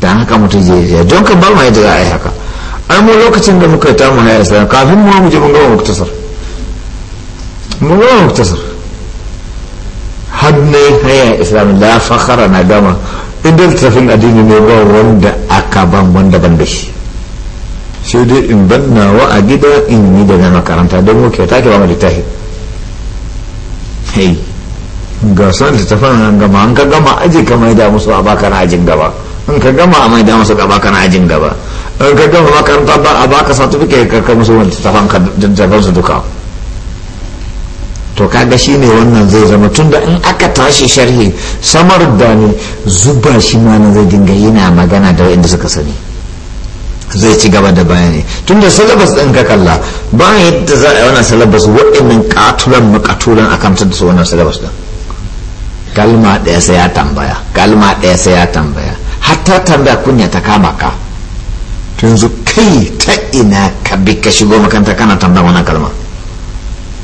da haka mutum zai ya don ka bar ma yadda za a yi haka an mu lokacin da muka yi tamu na islam kafin mu mu je mun gaba muktasar mun gaba muktasar har ne haya islam la fakhara na gama inda tafin addini ne ba wanda aka ban wanda ban da shi sai dai in ban wa a gida in yi da na makaranta don muke ta ke ba mu littafi hey ga san ta tafi nan gama an ka gama aji ka mai da musu a baka na ajin gaba in ka gama a mai da musu a baka na ajin gaba in ka gama makaranta ba a baka certificate ka kai musu wani tafan ka jaban su duka to kaga ne wannan zai zama tunda in aka tashi sharhi samar da ne zuba shi ma na zai dinga yana magana da wanda suka sani zai ci gaba da bayani tun da salabas ɗin ka kalla ba yadda za a yi wannan salabas waɗannan katulan makatulan a kamtar da su wannan salabas ɗin kalma ɗaya sai ya tambaya kalma ɗaya sai ya tambaya hatta tambaya kunya ta kama ka tun zu kai ta ina ka bi ka shigo makanta kana tambaya wannan kalma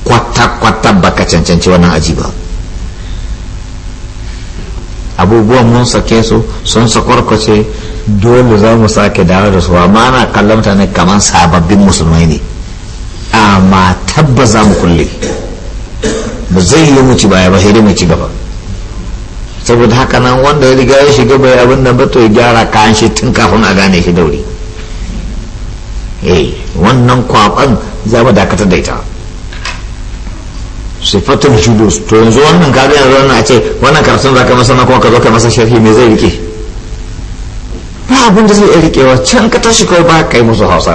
kwata-kwata baka cancanci wannan aji ba abubuwan mun sake su sun sakwarkwace dole za mu sake dawo da su amma ana kallon mutane kamar sababbin musulmai ne amma tabba za mu kulle ba zai yi mu ci baya ba sai mu ci gaba saboda haka nan wanda ya riga ya shiga bai abin da ba to ya gyara kayan shi tun kafin a gane shi dauri eh wannan kwakwan za mu dakatar da ita sifatar shudus to yanzu wannan kaga yanzu wannan a ce wannan karatun zaka masa na kuma ka zo ka masa sharhi me zai rike ba abin da zai iya rikewa can ka tashi kawai ba kai musu hausa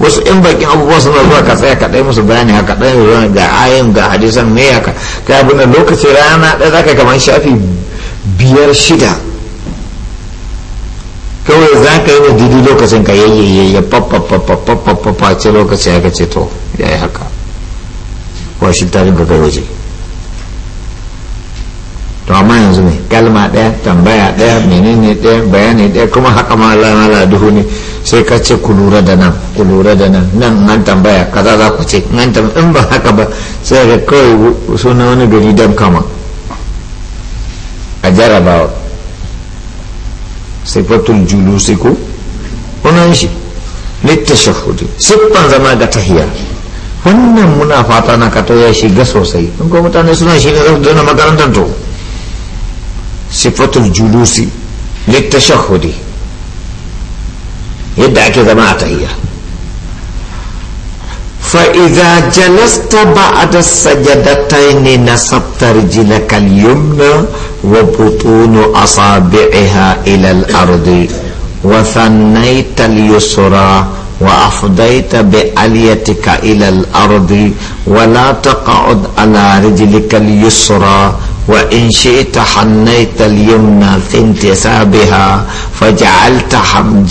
wasu yan bakin abubuwa suna zuwa ka tsaya ka ɗaya musu bayani haka ɗaya ruwan ga ayin ga hadisan me haka kai abin da lokaci rana ɗaya zaka kamar shafi biyar shida kawai za ka yi wa didi lokacin ka yayyaye ya fafafafafafafa ce lokaci ya ce to ya yi haka washi tarin ka waje to amma yanzu ne kalma ɗaya tambaya ɗaya menene ɗaya bayani daya kuma haka ma lamala duhu ne sai ka ce ku lura da nan ku lura da nan nan nan tambaya kaza za ku ce in ba haka ba sai ga kawai suna wani gari don kama a jarabawa sifatul julusi ko wannan shi littashahudi siffan zama ga tahiya wannan muna fata na kato ya shiga sosai in ko mutane suna shiga ne su dana makarantar to sifatul julusi littashahudi yadda ake zama a tahiya فإذا جلست بعد السجدتين نصبت رجلك اليمنى وبطون أصابعها إلى الأرض وثنيت اليسرى وأفضيت بأليتك إلى الأرض ولا تقعد على رجلك اليسرى وإن شئت حنيت اليمنى في انتسابها فجعلت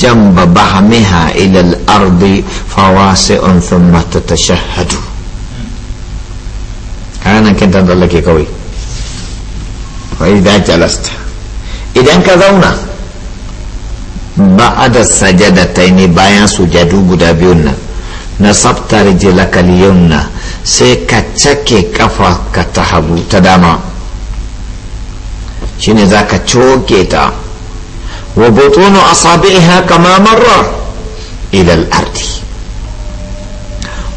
جنب بهمها إلى الأرض فواسع ثم تتشهد أنا كنت أقول لك قوي وإذا جلست إذا كذونا بعد السجدتين بيان سجدوا بدابيونا نصبت رجلك اليمنى سيكتشكي كفك تحبو تداما shine za ka coke ta wa butunu asabi'iha kama marra ila al-ardi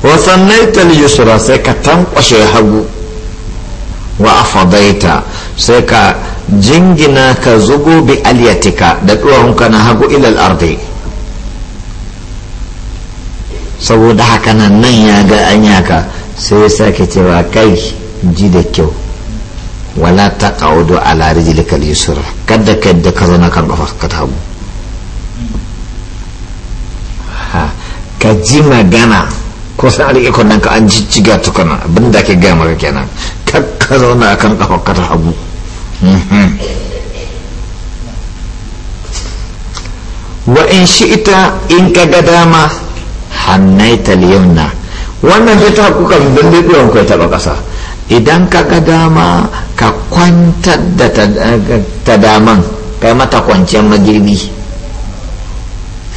wa sannaita yusra sai ka tankwashe hagu wa afadaita sai ka jingina ka zugo bi aliyatika da duwawunka na hagu ilal ardi saboda haka nan nan ya ga an yaka sai ya sake cewa kai ji da kyau wala taqaudu ala rijlika al-yusra kada ka yadda ka zauna kan kafa ka tabu ha ka ji magana ko san alƙikon nan ka an jijjiga tukuna abin da ke gaya maka kenan ka ka zauna kan kafa ka tabu wa in ita in ka ga dama hannaita liyamna wannan ta ta kuka bin dai ku ya taba ƙasa. idan ka ga dama ka kwantar da ta daman kai mata kwanciyar magirbi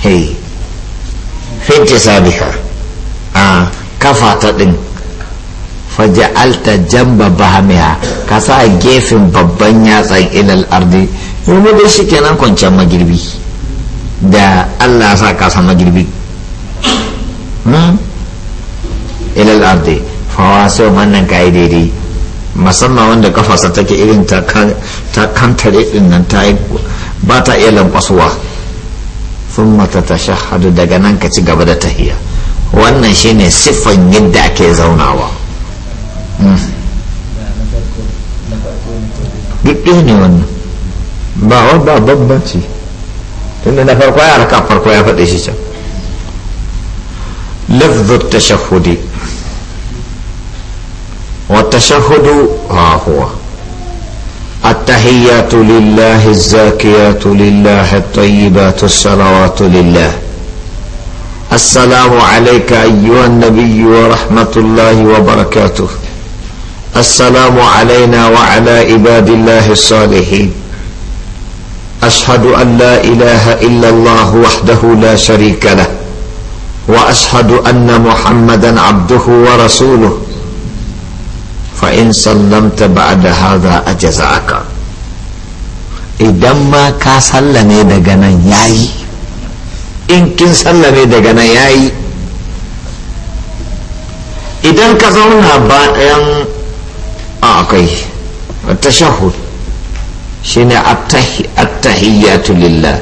hey finti sabiha a kafa ta din faja'alta jamba bahamiha ka sa gefen babban yatsan ilal ardi yau da shi kenan kwanciyar magirbi da allah sa kasa magirbi hmm? ilal ardi fawa sau wannan ka yi daidai musamman wanda kafasa take irin ta kantare din nan ta ba ta iya lankwasuwa sun mata ta shahadu daga nan ka ci gaba da tahiya wannan shine siffan yadda ake zaunawa hmm. duk ne wannan ba ba babbanci tunda na farko ya harka farko ya faɗe shi can lafzar tashahudi والتشهد ها هو التحيات لله الزاكيات لله الطيبات الصلوات لله السلام عليك أيها النبي ورحمة الله وبركاته السلام علينا وعلى عباد الله الصالحين أشهد أن لا إله إلا الله وحده لا شريك له وأشهد أن محمدا عبده ورسوله fa'in sallamta ba da haza a jaza'aka idan ma ka sallame daga nan yayi in kin sallame daga nan yayi idan ka zauna bayan a akai tashahud shine attahiyyatu lillah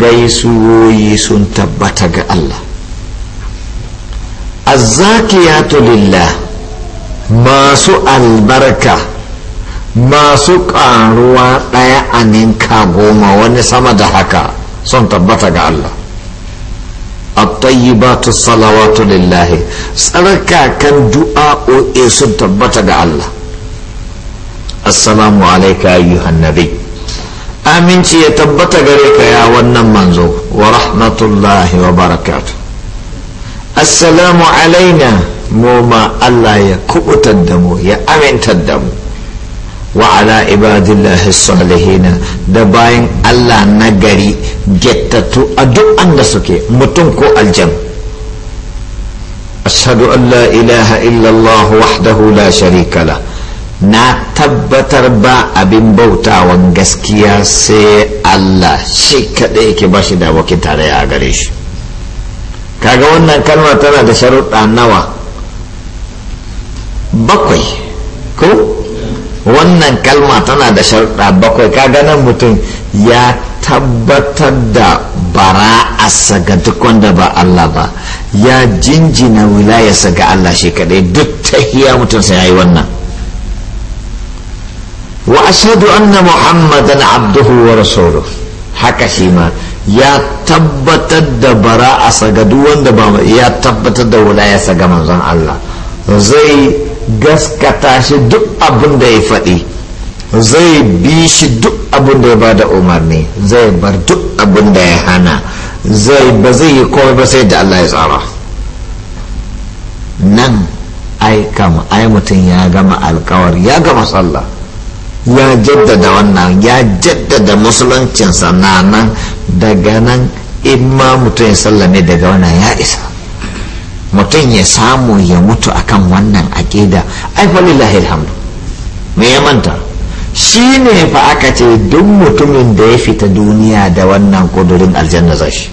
gaisuwoyi sun tabbata ga Allah azzakiyatu lillah masu albarka masu ƙaruwa ɗaya a ninka goma wani sama da haka son tabbata ga Allah at-tayyibatu salawatu lillahi tsarkakan du'a'o'i sun tabbata ga Allah assalamu alaika ayyuhan nabi aminci ya tabbata gare ka ya wannan manzo wa rahmatullahi wa barakatuh assalamu alaina noma Allah ya kubutar da mu ya amintar da mu wa ala ibadillahi salihina da bayan Allah na gari gettatu a duk anda suke mutum ko aljan ashhadu an la ilaha illallah wahdahu la sharika la na tabbatar ba abin bautawan gaskiya sai Allah shi kaɗai yake ba shi da abokin tarayya a gare shi kaga wannan kalma tana da sharuɗa nawa bakwai ko wannan kalma tana da sharɗa bakwai kaga nan mutum ya tabbatar da bara'arsa ga duk wanda ba Allah ba ya jinjina wilayarsa ga Allah shi kaɗai duk ta hiya mutunsa ya yi wannan wa ashadu anna muhammadan abduhu wa rasuluhu haka shi ma ya tabbatar da bara'arsa ga duk wanda ba ya tabbatar da wilayarsa ga manzon Allah zai gaskata shi duk abin da ya faɗi zai bi shi duk abin da ya ba da umarni zai bar duk abin da ya hana zai ba zai yi komai ba sai da Allah ya tsara nan ai kama ai mutum ya gama alkawar ya gama sallah ya jaddada wannan ya jaddada musuluncinsa na nan daga nan imma mutum ya sallame daga wannan ya isa mutum ya samu ya mutu akan wannan aƙida ai lillahi alhamdu me ya manta shi ne fa aka ce duk mutumin da ya fita duniya da wannan kudurin aljanna za shi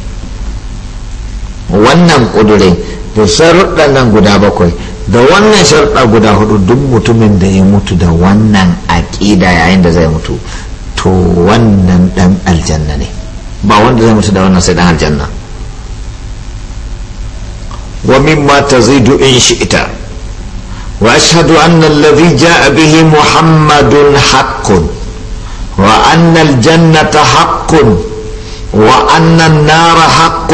wannan kudurin da sharuɗa nan guda bakwai da wannan sharuɗa guda hudu duk mutumin da ya mutu da wannan aƙida yayin da zai mutu to wannan ɗan aljanna ne ba wanda zai mutu da wannan sai ɗan aljanna ومما تزيد إن شئت وأشهد أن الذي جاء به محمد حق وأن الجنة حق وأن النار حق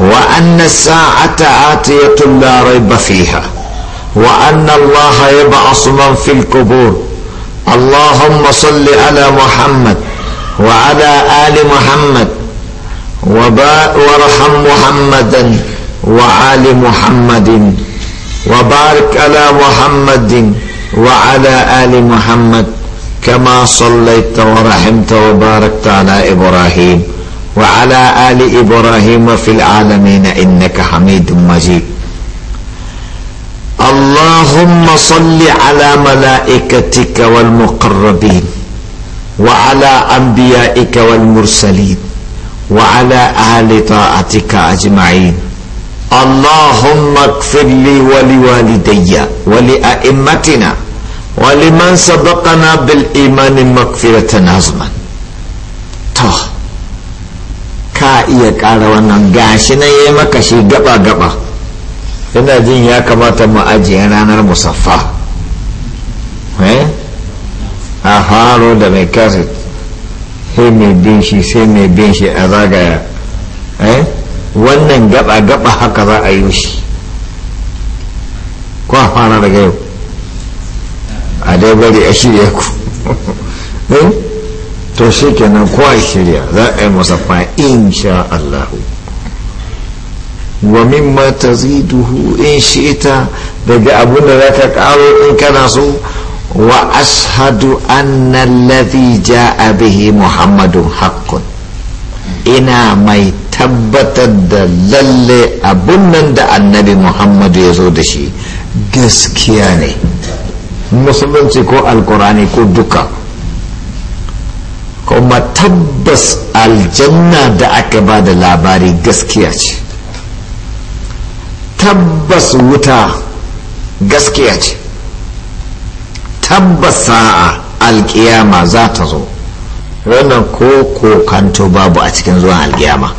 وأن الساعة آتية لا ريب فيها وأن الله يبعث من في القبور اللهم صل على محمد وعلى آل محمد وارحم محمدا وآل محمد وبارك على محمد وعلى آل محمد كما صليت ورحمت وباركت على إبراهيم وعلى آل إبراهيم في العالمين إنك حميد مجيد اللهم صل على ملائكتك والمقربين وعلى أنبيائك والمرسلين وعلى أهل طاعتك أجمعين اللهم اغفر لي ولوالدي ولأئمتنا ولمن سبقنا بالإيمان مغفرة عظما to ka iya ƙara wannan gashi na yi maka shi gaba-gaba ina jin ya kamata mu ajiye ranar musaffa a faro da mai kasit sai mai bin shi sai mai bin shi a zagaya eh wannan gaba gaba haka za a yi shi ko fara daga yau a dai bari a shirya ku *laughs* eh? to shi kenan ko a shirya za a yi masa fa'in sha Allahu wa mimma taziduhu in shi'ita daga abun za ka karo in kana so wa ashadu anna alladhi ja'a bihi muhammadun haqqun ina mai tabbatar da lalle abun nan da annabi muhammadu ya zo da shi gaskiya ne musulunci ko alkurani ko duka kuma tabbas aljanna da aka ba da labari gaskiya ce tabbas wuta gaskiya ce tabbas sa'a alkiyama za ta zo wannan ko kokanto babu a cikin zuwan alkiyama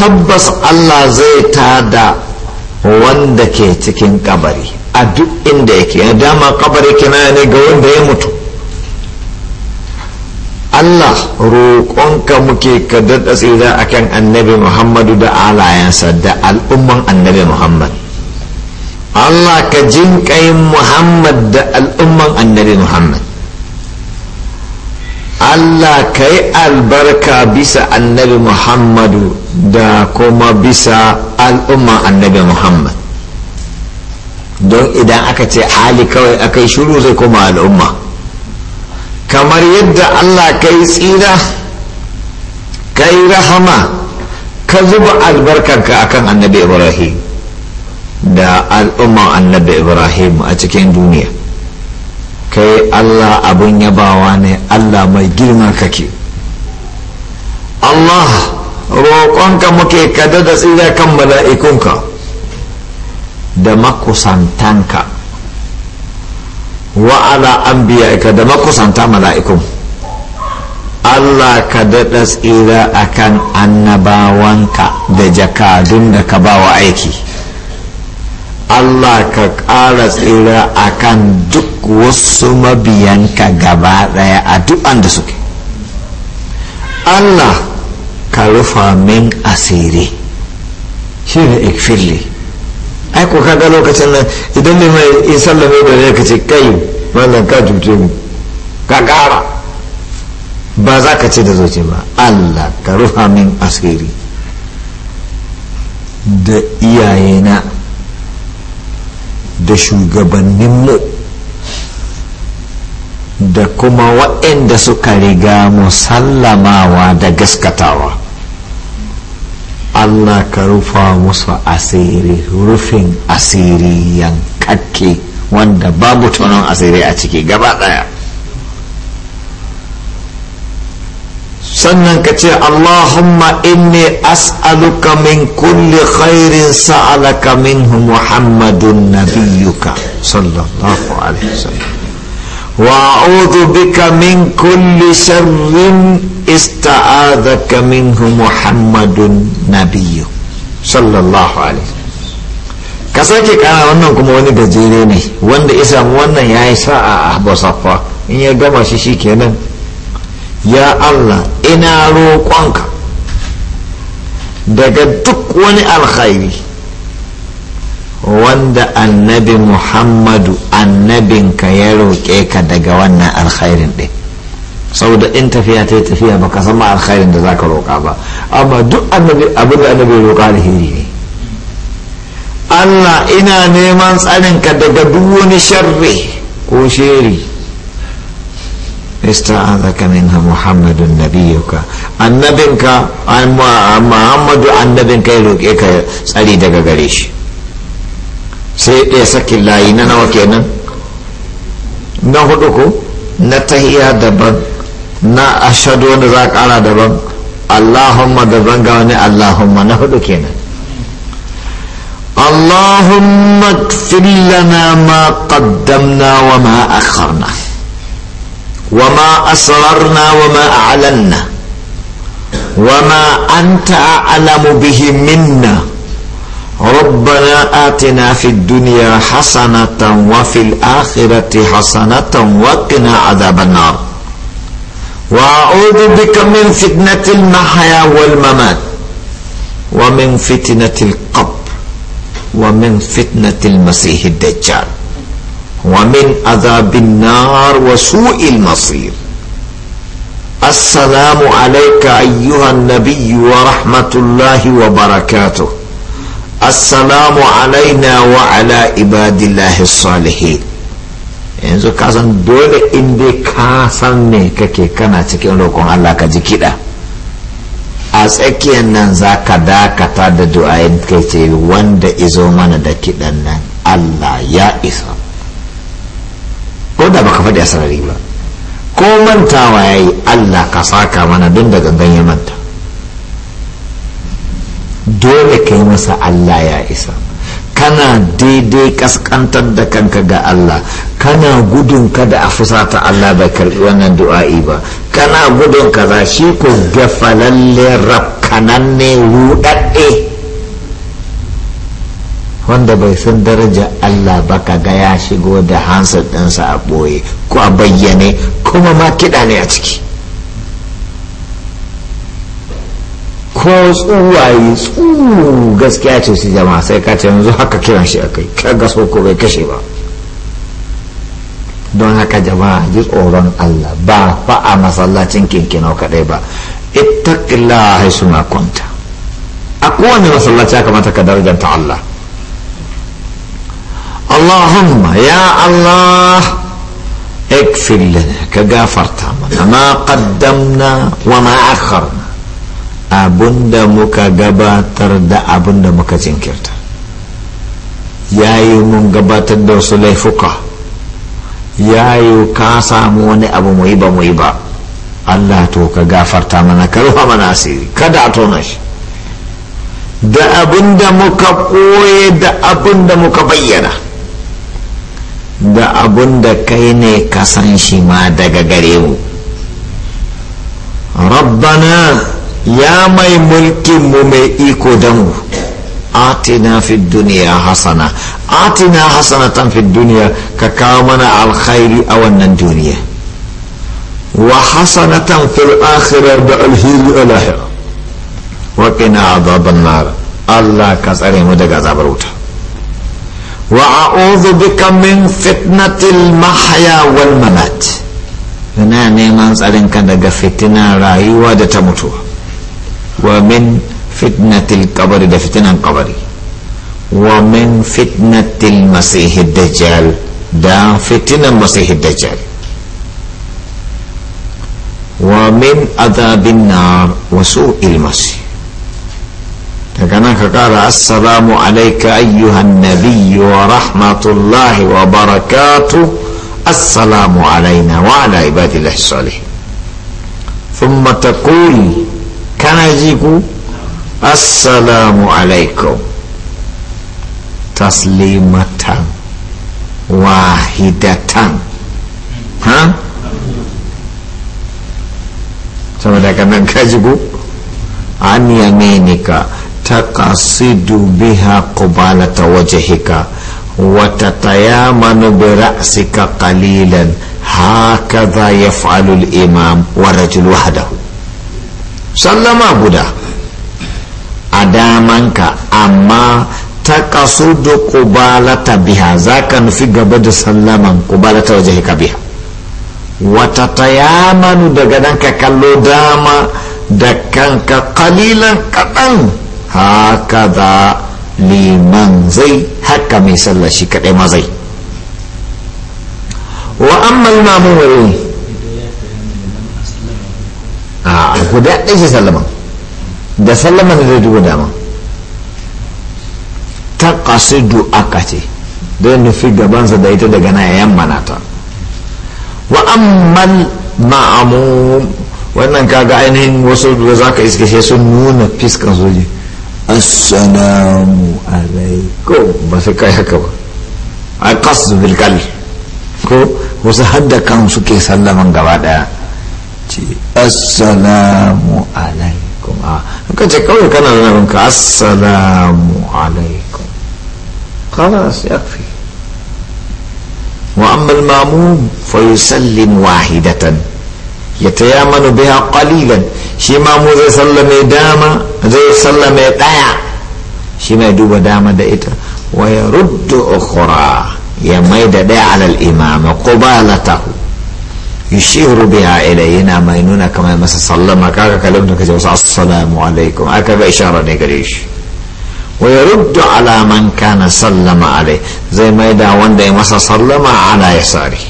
tabbas Allah zai tada wanda ke cikin kabari a duk inda yake ya dama kabari kina ne ga wanda ya mutu Allah roƙonka muke ka daɗa tsira a kan annabi Muhammadu da alayensa da al'umman annabi Muhammad Allah ka jinƙayin Muhammad da al'umman annabi Muhammad Allah ka yi albarka bisa annabi Muhammadu da kuma bisa al'umma annabi muhammad don idan aka ce ali kawai aka yi shuru zai kuma al'umma kamar yadda allah ka yi tsira ka yi rahama ka zuba albarkanka akan annabi ibrahim da al'umma annabi ibrahim a cikin duniya kai allah abun yabawa ne allah mai girma kake allah roƙonka muke kada da tsira kan mala'ikunka da makusantanka wa ala anbiya'ika da makusanta mala'ikun Allah ka daɗa tsira a kan annabawanka da jakadun da ka ba wa aiki Allah ka ƙara tsira a kan duk wasu mabiyanka gaba ɗaya a duk an da suke Allah ka rufa min asiri shi ne ikfirli ai ko kaga lokacin nan idan ne mai in sallame da ne ka ce kai mallan ka cuce mu ka kara ba za ka ce da zoce ba allah ka rufa min asiri da iyayena da shugabanninmu da kuma waɗanda suka riga musallamawa da gaskatawa Allah ka rufa musu asiri rufin asiri yankakke wanda babu tonon asiri a ciki gaba daya sannan ka ce Allahumma inni as'aluka min kulli khairin sa'alaka minhu Muhammadun nabiyyuka sallallahu alaihi wasallam وأعوذ بك من كل شر استعاذك منه محمد نبي صلى الله عليه ka sake kana wannan kuma wani gajere ne wanda ya wannan ya yi sa'a a basaffa in ya gama shi shi kenan ya allah ina roƙonka daga duk wani alkhairi wanda annabi muhammadu annabinka ya roƙe ka daga wannan alkhairin ɗin saboda in tafiya ta yi tafiya ba ka sama alkhairin da za ka roƙa ba amma duk abin da annabi roƙa alheri ne allah ina neman tsarinka daga duk wani sharri ko sheri استعاذك منها محمد نبيك النبي محمد النبي كيروك إيكا سألي دقا قريش sai ɗaya sakin layi na nawa kenan na hudu ko na tahiya daban na ashadu wanda za a kara daban allahumma daban ga wani allahumma na hudu kenan اللهم اغفر لنا ما قدمنا وما ربنا آتنا في الدنيا حسنة وفي الآخرة حسنة وقنا عذاب النار وأعوذ بك من فتنة المحيا والممات ومن فتنة القبر ومن فتنة المسيح الدجال ومن عذاب النار وسوء المصير السلام عليك أيها النبي ورحمة الله وبركاته assalamu alaina wa ala ibadillahi salihin yanzu ka san dole in dai ka san ne kake kana cikin roƙon Allah ka ji kiɗa a tsakiyar nan za ka dakata da du'ayin kai ce wanda izo mana da kiɗan nan Allah ya isa ko da baka faɗi sarari ba ko mantawa ya yi Allah ka saka mana don daga gangan ya manta dole ka yi masa Allah ya isa kana daidai kaskantar da kanka ga Allah kana gudun kada a fusata Allah bai karbi wannan du'a'i ba kana gudun kaza shi ko gafalalle rafkananne rudadde wanda bai san daraja Allah ba ka ga ya shigo da hansar ɗinsa a ɓoye ko a bayyane kuma ma kiɗa ne a ciki ko tsuwaye tsu gaskiya ce su jama'a sai ka ce yanzu haka kiran shi akai ka ga so ko bai kashe ba don haka jama'a ji tsoron Allah ba fa a masallacin kinkinau kadai ba ittaqillah haisu ma kunta a kowane masallaci ya kamata ka darajanta Allah Allahumma ya Allah اغفر لنا كغفرت ما قدمنا وما أخرنا abinda muka gabatar da abinda muka jinkirta yayi mun gabatar da wasu laifuka yayi ka samu wani abu mu yi ba mu yi ba allah to ka gafarta mana ka mana asiri kada a tona shi da abinda muka koye da abinda muka bayyana da abun da kai ne ka san shi ma daga gare mu rabbana ya mai mulkin mu mai iko da mu atina fi duniya hasana atina hasanatan fi duniya ka kawo mana alkhairi a wannan duniya wa hasanatan fil akhirah da alheri a lahira wa qina azaban nar Allah ka tsare mu daga azabar wuta wa a'udhu bika min fitnatil mahya wal mamat ina neman tsarin ka daga fitinar rayuwa da ta mutuwa ومن فتنة القبر ده فتنة القبري ومن فتنة المسيح الدجال ده فتنة المسيح الدجال ومن عذاب النار وسوء المسيح فكانك قال السلام عليك أيها النبي ورحمة الله وبركاته السلام علينا وعلى عباد الله الصالحين ثم تقول Kanajiku, assalamualaikum assalamu alaikum taslimatan wahidatan ha Sama kanan kaji ku an yaminika taqasidu biha qubalata wajhika wa tatayamanu bi ra'sika qalilan hakadha yaf'alu al-imam wa rajul wahdahu sallama guda a damanka amma ta kaso da kubalata biya za ka nufi gaba da sallaman kubalata waje ka biya wata ta yamanu daga nan ka kallo dama da kanka kalilan kaɗan haka za liman zai haka mai sallah shi kaɗai ma zai wa amma a da ɗaya shi sallaman da sallaman da zai dubu dama ta ƙasi du'aka ce don nufi gabansa da ita daga na yamma nata wa amman ma'amu wannan kaga ainihin wasu da za ka iske shi sun nuna fiskan soji assalamu alaikum ba su kai haka ba a kasu bilkali ko wasu hadda kan suke sallaman gaba daya ce assalamu alaikum a ka ce kawai kana da nabinka assalamu alaikum خلاص يكفي وأما المأموم فيسلم واحدة يتيامن بها قليلا شي مامو زي سلم داما زي سلم دايا شي ما يدوب داما دايتا ويرد أخرى يميد دايا على الإمام قبالته يشير بها إلينا مينونة كما يمس صلى كاكا كلمتنا كجوز السلام عليكم أكبر إشارة نقريش ويرد على من كان سلم عليه زي ما إذا مسى صلى صلما على يساري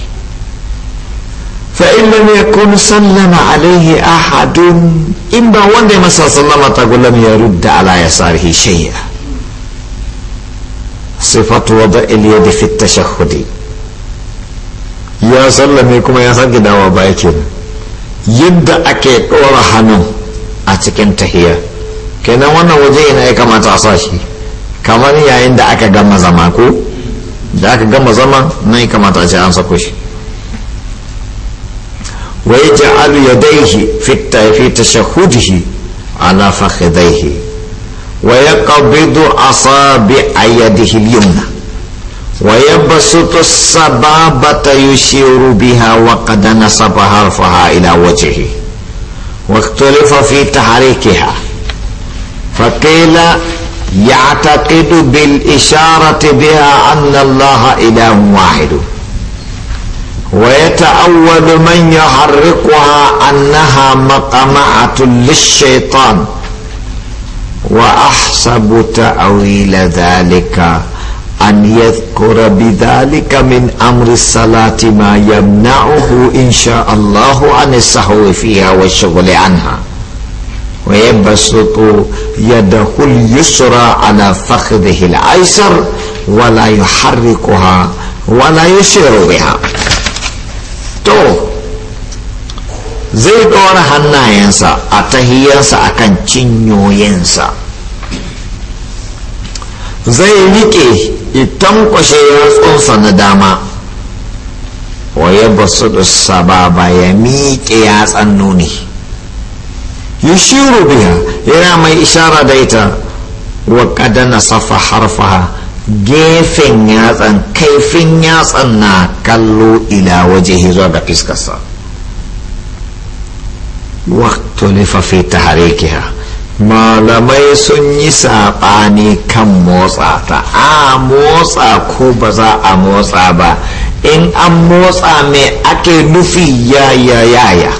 فإن لم يكن سلم عليه أحد إما وندى يمس صلما تقول لم يرد على يساره شيئا صفة وضع اليد في التشهد ya sallame kuma ya sake dawa baya kenan yadda ake ɗora hannu a cikin tahiyar kenan wannan waje ina ya kamata a sa shi kamar yayin da aka gama zama ko da aka gama zama na ya kamata a ce an sako shi wa ya ja'alu yadaihi fi tashahudihi ala fakhidaihi wa yaqbidu asabi yadihi al-yumna ويبسط الصبابة يشير بها وقد نصب حرفها إلى وجهه واختلف في تحريكها فقيل يعتقد بالإشارة بها أن الله إله واحد ويتأول من يحركها أنها مقمعة للشيطان وأحسب تأويل ذلك أن يذكر بذلك من أمر الصلاة ما يمنعه إن شاء الله عن السهو فيها والشغل عنها ويبسط يده اليسرى على فخذه الأيسر ولا يحركها ولا يشير بها تو zai ɗora hannayensa a tahiyansa a kan ينسى زي riƙe itan kwashe yatsunsa na dama wa ba su da sababa ya miƙe yatsan nuni yushiru biya yana mai ishara da ita wa ƙadana safa harfaha gefen yatsan kaifin yatsan na kallo ila waje zuwa ga fiskarsa waktu fafe ta ha malamai sun yi saɓani kan motsa ta a motsa ko ba za a motsa ba in an motsa mai ake nufi ya ya ya ya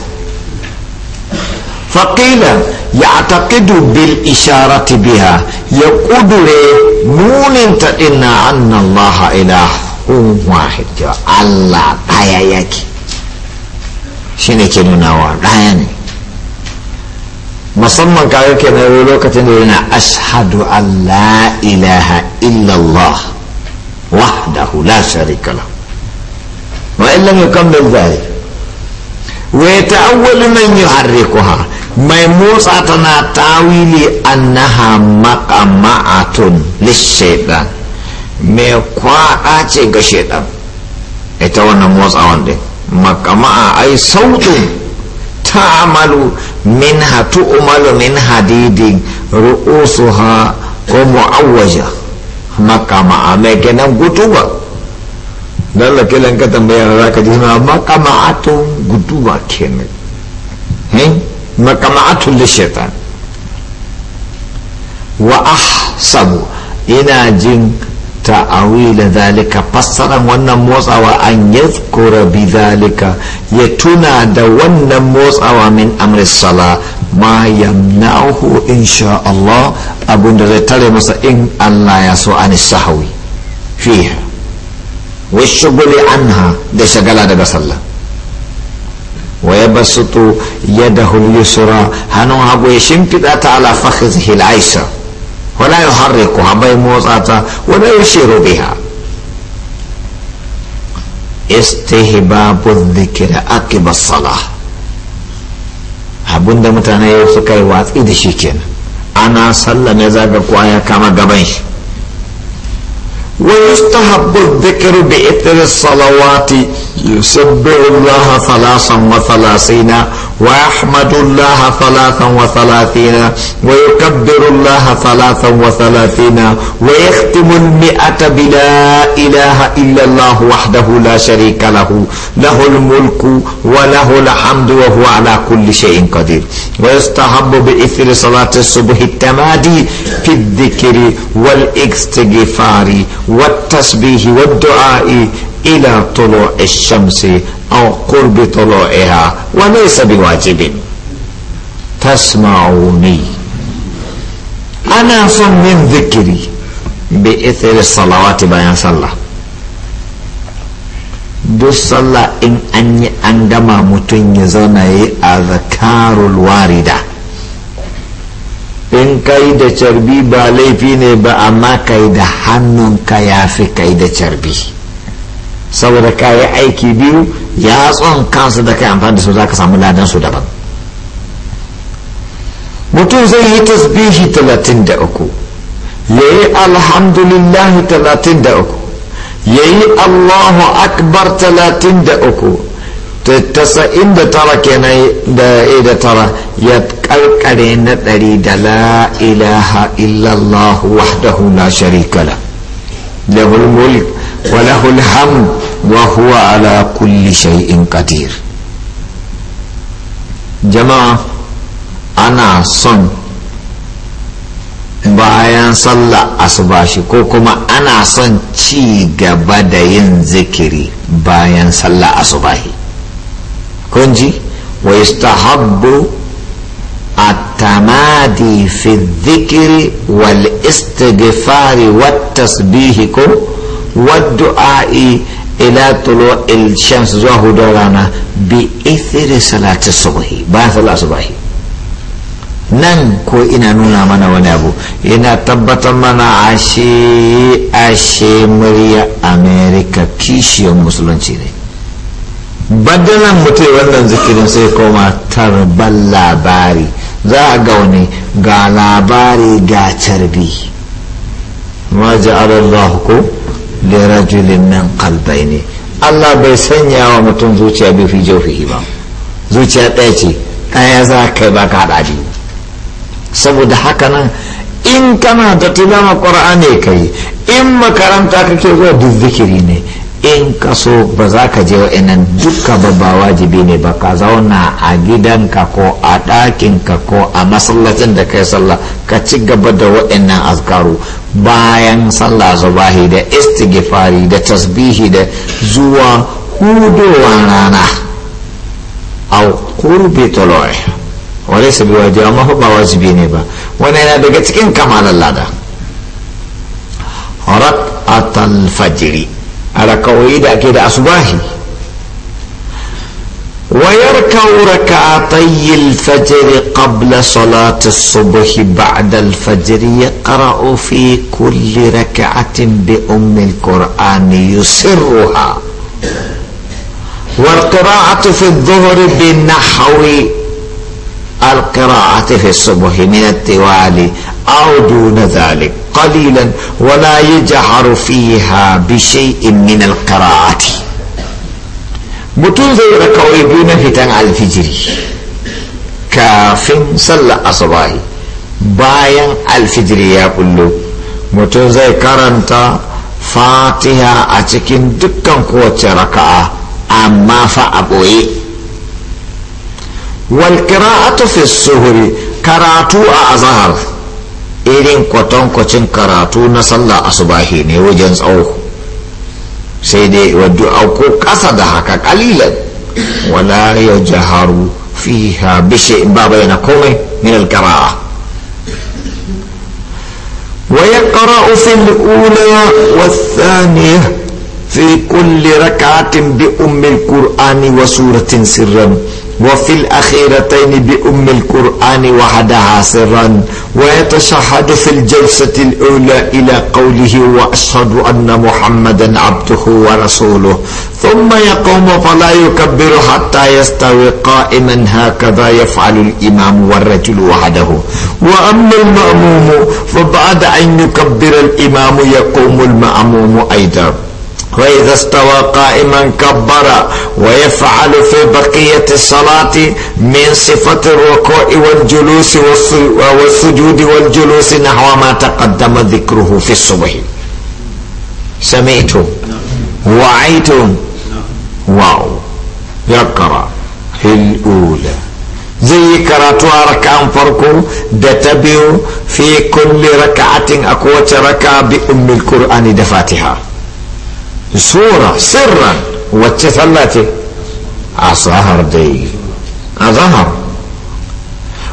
faƙilan ya taƙidu bil isharati biha ya ƙudure nunin ta na annan laha ilahun allah ɗaya yake shi ne ke nunawa ɗaya ne musamman kayan kenan lokacin da yana ashhadu Allah ilaha illallah wahdahu la sharika lahu wa illam yukammil dhalik wa yata'awwalu man yuharrikuha mai motsa ta na tawili annaha maqama'atun lishaytan mai kwaka ce ga shaytan ita wannan motsawan din maqama'a ai sautu ta'malu ta منها تؤمل من حديد رؤوسها ومعوجة مقامة أماكن قطوبة dan da kilan ka tambaya za ka ji ma makama'atun guduwa kenan hin makama'atun da shaitan wa sabu ina jin ta'awila zalika fassaran wannan motsawa an yadhkura bi zalika ya tuna da wannan motsawa min amri sala ma yamna'uhu insha Allah abun da zai tare masa in Allah ya so an sahawi fiha anha da shagala daga sallah wa yabsutu yadahu yusra hannun ya ta wala yuharrikuha bai motsa ta wala yushiru biha istihbabu dhikri akiba salah abinda mutane ya suka yi watsi da shi kenan ana sallah ne zaga kwaya kama gaban shi ويستحب الذكر بإثر الصلوات يسبح الله ثلاثا وثلاثين ويحمد الله ثلاثا وثلاثين ويكبر الله ثلاثا وثلاثين ويختم المئة بلا إله إلا الله وحده لا شريك له له الملك وله الحمد وهو على كل شيء قدير ويستحب بإثر صلاة الصبح التمادي في الذكر والاستغفار والتسبيح والدعاء إلى طلوع الشمس أو قرب طلوعها وليس بواجب تسمعوني أنا من ذكري بإثر الصلوات بيان صلى duk sallah in an yi an gama mutum ya zauna yi a zakarul warida in kai da carbi ba laifi ne ba amma kai da hannunka ya fi kai da carbi saboda ka yi aiki biyu yatsun kansu da kai amfani da su za ka samu ladan su daban mutum zai yi tasbihi talatin da uku ya yi alhamdulillah talatin da uku ya yi allahu akbar talatin da uku tasa'in da tara kenan da e da tara ya karkare na ɗari da la ilaha illallah wahdahu la sharika la lahul mulk وله الحمد وهو على كل شيء قدير جماعة أنا صن bayan sallar asuba shi ko kuma ana son ci gaba da yin zikiri bayan sallar asubahi kun ji wa yastahabbu التمادي في الذكر والاستغفار والتسبيح كو والدعاء إلى طلوع الشمس زوه دورانا بإثر صلاة الصبح بعد صلاة الصبح nan ko ina nuna mana wani abu ina tabbatar mana ashe ashe murya Amerika kishiyar musulunci ne badalan mutum wannan zikirin sai koma tarban labari za a ga wani ga labari ga tarbi ma allahu ko lirajulin min qalbayni Allah bai sanya wa mutum zuciya biyu fi jawfihi ba zuciya ɗaya ce ɗaya za ka ba ka haɗa biyu saboda haka nan in kana da tilawa qur'ani kai in makaranta kake zuwa duk zikiri ne in ka so ba za ka je wa'annan dukka ba wajibi ne ba ka zauna a gidanka ko a ɗakinka ko a masallacin da kai sallah ka ci gaba da wa'annan azkaru bayan sallah zubahi da istighfari da tasbihi da zuwa hudowa rana a kurbe tulu'i wani sabi biwa amma ba wajibi ne ba wani yana daga cikin kamalan lada rak'atul fajiri على دا أكيد أصباحي ويركع ركعتي الفجر قبل صلاة الصبح بعد الفجر يقرأ في كل ركعة بأم القرآن يسرها والقراءة في الظهر بنحو القراءة في الصبح من التوالي أو دون ذلك قليلا ولا يجهر فيها بشيء من mutum zai rakawai biyu na fitan alfijiri kafin sallar asubahi bayan alfijiri ya kullo mutum zai karanta fatiha a cikin dukkan kowace raka'a amma fa a ɓoye walƙira'atu fi suhuri karatu a azahar irin kwatankwacin karatu na sallah asubahi ne wajen tsawo sai dai wadda auko kasa da haka kalilan wala ya jaharu fiha bishe in ba bayyana komai min alkara'a wa ya ƙara'u fil ula wa thaniya في كل ركعة بأم القرآن وسورة سرا وفي الأخيرتين بأم القرآن وحدها سرا ويتشهد في الجلسة الأولى إلى قوله وأشهد أن محمدا عبده ورسوله ثم يقوم فلا يكبر حتى يستوي قائما هكذا يفعل الإمام والرجل وحده وأما المأموم فبعد أن يكبر الإمام يقوم المأموم أيضا وإذا استوى قائما كبر ويفعل في بقية الصلاة من صفة الركوع والجلوس والسجود والجلوس نحو ما تقدم ذكره في الصبح سمعتم وعيتم واو يقرأ في الأولى زي كراتو karatu فرقو دتبيو في كل ركعة أقوى fi بأم القرآن دفاتها سورة سرا واتثلاته أظهر دي أظهر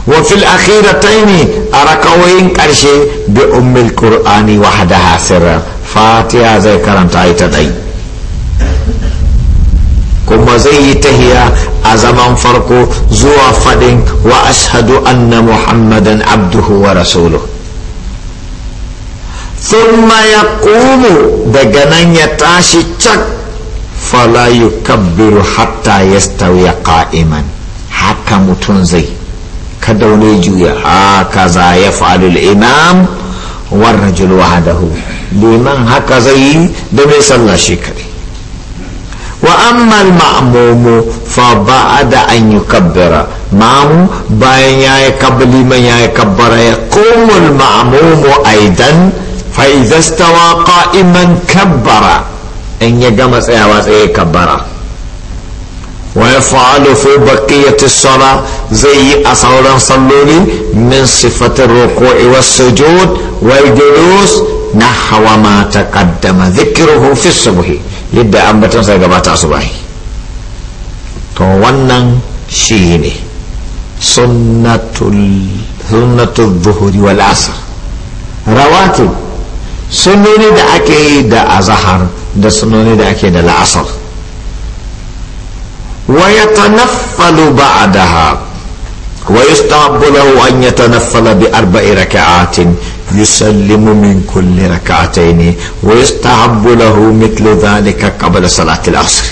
وفي الأخيرتين أراك وين كرشي بأم القرآن وحدها سرا فاتحة زي كرم تايتا دي كما زي تهيا أزمان فرقو زوا فدين وأشهد أن محمدا عبده ورسوله daga ya ثم يقوم دغنن يتاشي hatta فلا hatta حتى يستوي haka mutum zai kada wani juya haka za ya fa'alul imam war rajul wahdahu liman haka zai yi da mai sallah shi kare wa amma al-ma'mumu fa da an kabbara ma'amu bayan ya yi kabbali man yi kabbara ya komul ma'mumu aidan فإذا استوى قائما كبر إن يقام سيواز إيه كبر ويفعل في بقية الصلاة زي أصولا صلوني من صفة الركوع والسجود والجلوس نحو ما تقدم ذكره في الصبح يبدأ أنبتا سيقبات أصبحي to wannan shi سنة sunnatul zuhuri wal asr rawatib sunnoni da ake yi da azahar da sunnoni da ake da la'asar wa ya tanaffalu ba'daha wa yustahabbu lahu an yatanaffala bi arba'i raka'atin يسلم من كل ركعتين ويستحب له مثل ذلك قبل صلاة العصر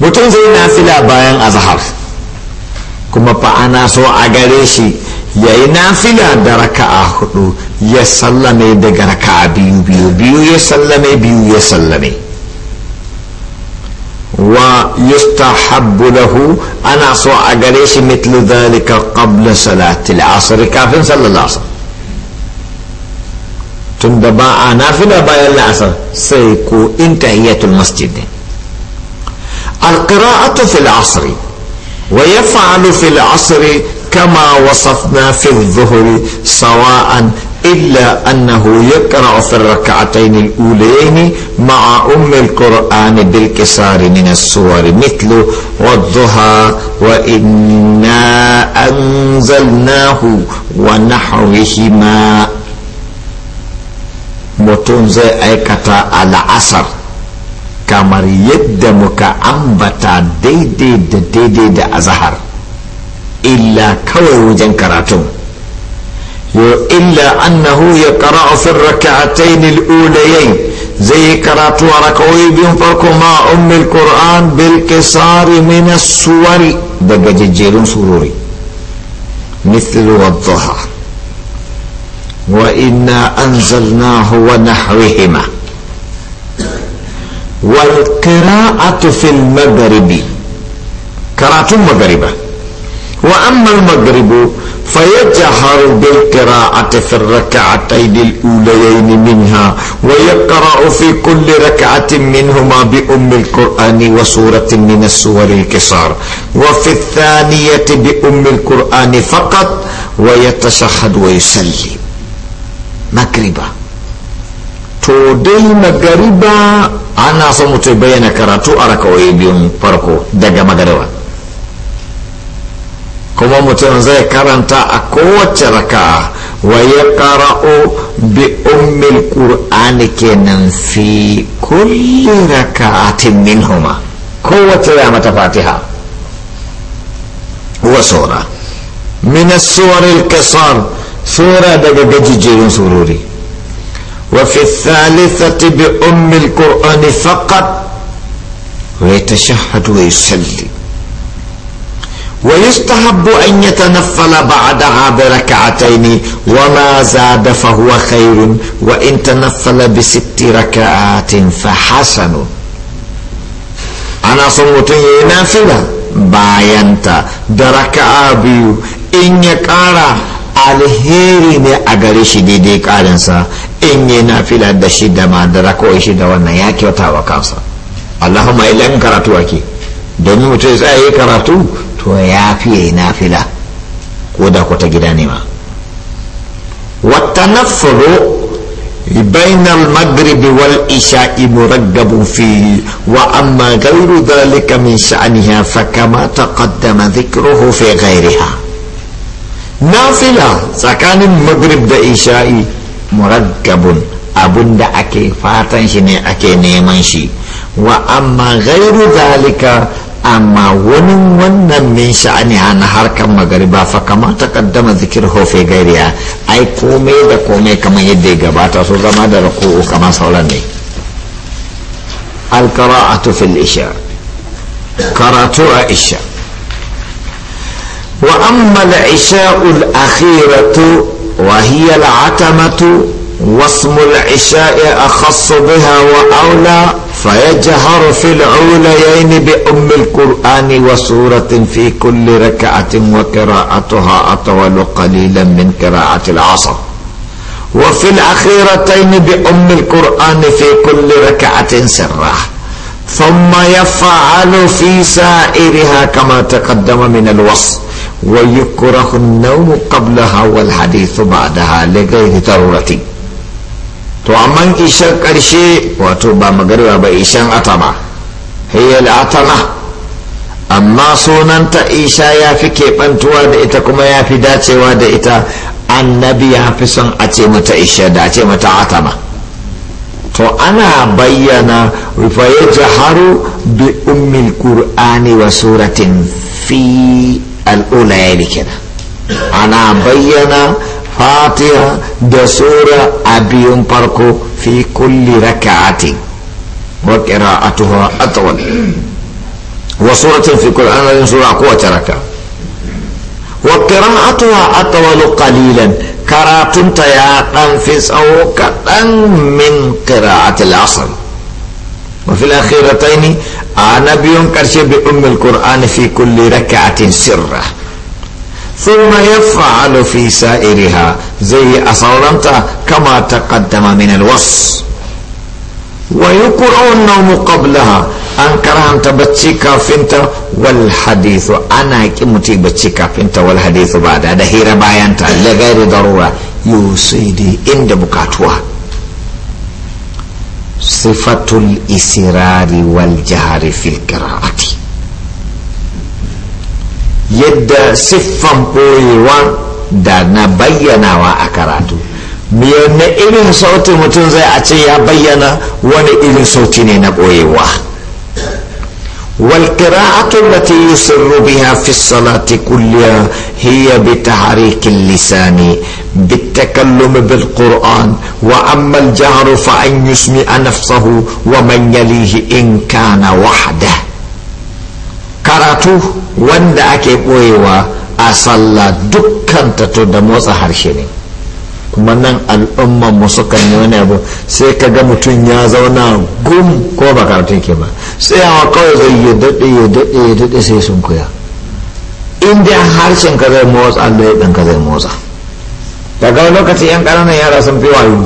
متون زي نافلة بايان أزهر كما فأنا سو أغريشي ya yi nafila da raka'a hudu ya sallame daga raka'a biyu biyu biyu ya sallame biyu ya sallame wa yustahabbu lahu ana so a gare shi mitlu dhalika qabla salati al-asr kafin sallar asr tun da ba a nafila bayan la'asar sai ko in tahiyatul masjid al-qira'atu fil asr ويفعل في العصر كما وصفنا في الظهر سواء إلا أنه يقرأ في الركعتين الأولين مع أم القرآن بالكسار من السور مثل والضحى وإنا أنزلناه ونحوهما متونز zai العصر al'asar يدمك أنبتا muka ambata دي دي دي da illa kawai wajen karatun yo illa annahu ya kara fi raka'atayn al-ulayayn zai karatu a rakawai biyun farko ma ummul qur'an bil qisari min as-suwari daga jejjerun surori mithlu wadh-dhuha wa inna anzalnahu wa nahwihima wal qira'atu fil maghribi karatun maghriba وأما المغرب فيجهر بالقراءة في الركعتين الأوليين منها ويقرأ في كل ركعة منهما بأم القرآن وسورة من السور الكسار وفي الثانية بأم القرآن فقط ويتشهد ويسلم مغربا تودي مغربا أنا ana son mutum bayyana karatu a raka'o'i biyun kuma mutum zai karanta a kowace raka wa ya qara'u bi ummil qur'ani kenan fi kulli raka'atin minhuma kowace ya mata fatiha wa sura min as-suwar al-qisar sura daga gajijerun surori وفي الثالثة بأم القرآن فقط ويتشهد ويصلي ويستحب أن يتنفل بعدها بركعتين وما زاد فهو خير وإن تنفل بست ركعات فحسن أنا صمت نافلة bayanta da raka'a biyu in ya ƙara alheri ne a gare shi daidai ƙarinsa in yi nafila da shi da ma da raka'o shi da wannan ya kyauta wa kansa allahumma ila in karatu ake domin mutum ya yi karatu to ya fi ya yi nafila ko da kwata gida ne ma wata nafuro bainal magribi wal isha ibu raggabu fi wa amma gairu dalika min sha'aniha fa kama taqaddama dhikruhu fi ghairiha nafila tsakanin magrib da isha'i muraggabun abun da ake fatan shi ne ake neman shi wa amma gairu dalika amma wani wannan min sha'ani na harkar magariba fa kamata kaddama zikir hofe gairiya ai komai da komai kamar yadda ya gabata so zama da raku'u kamar sauran ne alkara'atu fil isha karatu a isha wa amma al-isha'ul akhiratu wa hiya al-atamatu wasmu al-isha'i akhassu biha wa aula فيجهر في العوليين بأم القرآن وسورة في كل ركعة وقراءتها أطول قليلا من قراءة العصر وفي الأخيرتين بأم القرآن في كل ركعة سرة ثم يفعل في سائرها كما تقدم من الوصف ويكره النوم قبلها والحديث بعدها لغير ضرورته to amma ishar ƙarshe wato ba magarba ba ishan atama hiyar atama amma sunanta isha ya fi keɓantuwa da ita kuma ya fi dacewa da ita annabi ya fi son a ce mata isha da a ce mata atama to ana bayyana rufaye jaharu bi ummin qur'ani wa suratin fi al'ula ya ana bayyana فاطر دسورة أبي ينبرك في كل ركعة وقراءتها أطول وسورة في كل أنا سورة قوة ركعة وقراءتها أطول قليلا كراتن تياقا في سوكا من قراءة العصر وفي الأخيرتين أنا بيون كرشي بأم القرآن في كل ركعة سرّة ثم يفعل في سائرها زي أصورنت كما تقدم من الوص ويقرؤون النوم قبلها أنكرها أنت بتشيكا فينتا والحديث أنا كمتي بتشيكا فينتا والحديث بعد هذا هي هيرا بايانتا لغير ضرورة يوسيدي عند بكاتوا صفة الإسرار والجهر في القراءة yadda siffan ɓoyewa da na bayyanawa a karatu na irin sauti mutum zai a ce ya bayyana wani irin sauti ne na ɓoyewa والقراءة التي يسر بها في الصلاة كلها هي بتحريك اللسان بالتكلم بالقرآن وأما الجهر فأن يسمع نفسه ومن يليه إن كان وحده karatu wanda ake ɓoyewa a sallah dukkan tato da motsa harshe ne kuma nan al'umman musu kan yi wani abu sai ka ga mutum ya zauna gum ko ba karatu ke ba sai yawa kawai zai ya daɗe ya daɗe ya daɗe sai sun kuya in dai harshen ka zai motsa allah ya ka zai motsa daga lokacin yan ƙananan yara sun fi wayo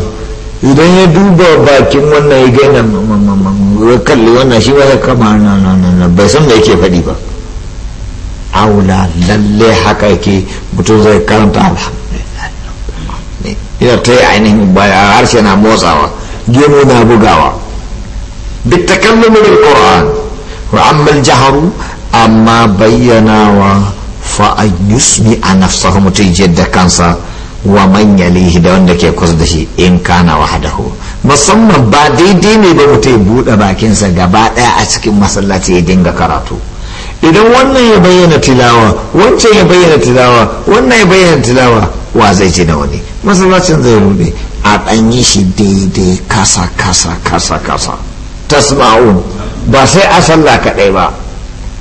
idan ya duba bakin wannan ya gaina kalli wannan shi ba ya kama na nan bai san da yake faɗi ba aula lalle haka yake mutum zai karanta alhamdulillah ina ta yi ainihin baya harshe na motsawa gemu na bugawa duk ta kan nuna da wa ra'amal jaharu amma bayyanawa fa an yusmi a nafsahu mutum da kansa wa manya lihi da wanda ke kusa da shi in kana wahadahu musamman ba daidai ne ba mutum ya buɗe bakinsa gaba ɗaya a cikin masallaci ya dinga karatu idan wannan ya bayyana tilawa wancan ya bayyana tilawa wannan ya bayyana tilawa wa zai ji na wani masallacin zai rude a yi shi daidai kasa kasa kasa kasa Tasma'u ba sai a sallah kaɗai ba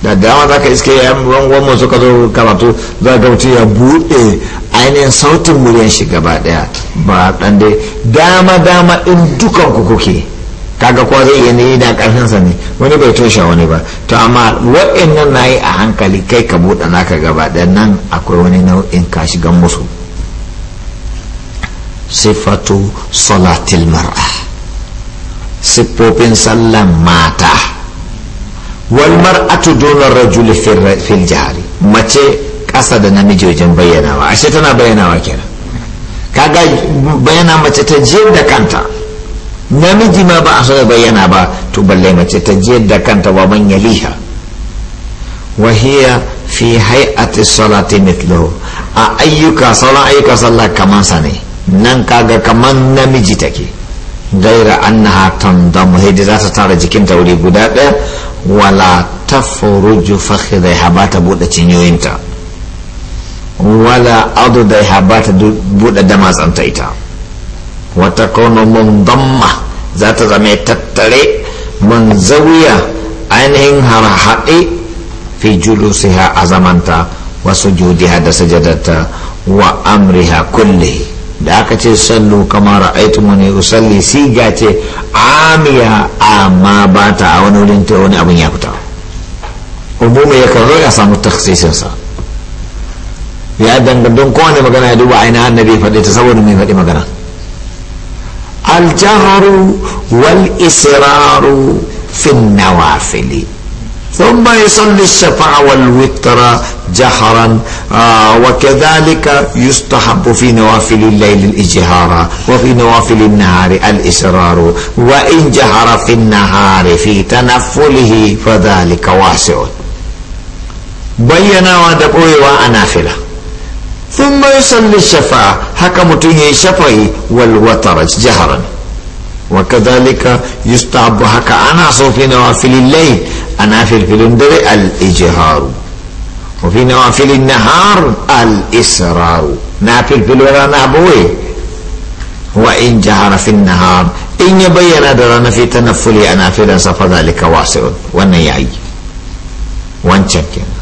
da dama za ka iske yan gwamnati suka zo karatu za ka wuce ya buɗe ainihin sautin muryan shi gaba daya ba dan dai dama dama in dukan ku kuke kaga ko zai yi ne da karfin sa ne wani bai toshe wani ba to amma waɗannan nayi a hankali kai ka buɗe naka gaba daya nan akwai wani nau'in ka shiga musu sifatu salatil mar'a sifofin sallan mata wal mar'atu dunar rajuli fil jari mace ƙasa da namiji wajen bayyanawa ashe tana bayyanawa kenan kaga bayyana mace ta je da kanta namiji ma ba a so da bayyana ba to balle mace ta je da kanta wa man yaliha wa hiya fi hay'ati salati mithlu a ayyuka sauran ayyuka sallah kaman sa ne nan kaga kaman namiji take gaira annaha tandamu hidi za ta tara jikinta wuri guda ɗaya wala ta furuju fakhidaiha ba ta buɗe cinyoyinta wala adu da ya ba ta buɗe damatsanta ita wata kauna mundamma za ta zama tattare mun zauya ainihin harhaɗe fi julusiha a zamanta wasu judiha da sajadata wa amriha kulle da aka ce sallu kamar aitu muni usalli siga ce amiya amma ba ta a wani wurin ta wani abin ya fita umume ya kan ya samu taksisinsa ya dangantan kowane magana ya duba ainihin annabi faɗi ta saboda mai faɗi magana aljaharu wal israru fin nawafili ثم يصلي الشفع والوتر جهرا آه وكذلك يستحب في نوافل الليل الإجهار وفي نوافل النهار الإسرار وإن جهر في النهار في تنفله فذلك واسع بينا ودقوي أيوة وأنافله ثم يصلي الشفاعة هكا متين شفعي والوتر جهرا وكذلك يستعب هكا أنا في نوافل الليل أنا في الفلندر الإجهار وفي نوافل النهار الإسرار نافل في الولا نابوي وإن جهر في النهار إن يبين درنا في تنفلي أنا في ذلك واسع ونيعي وانشكنا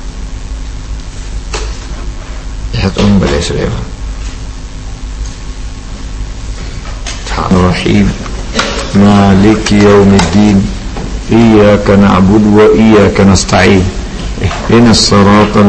هتقوم بلا سليمان الرحمن الرحيم مالك يوم الدين إياك نعبد وإياك نستعين اهدنا الصراط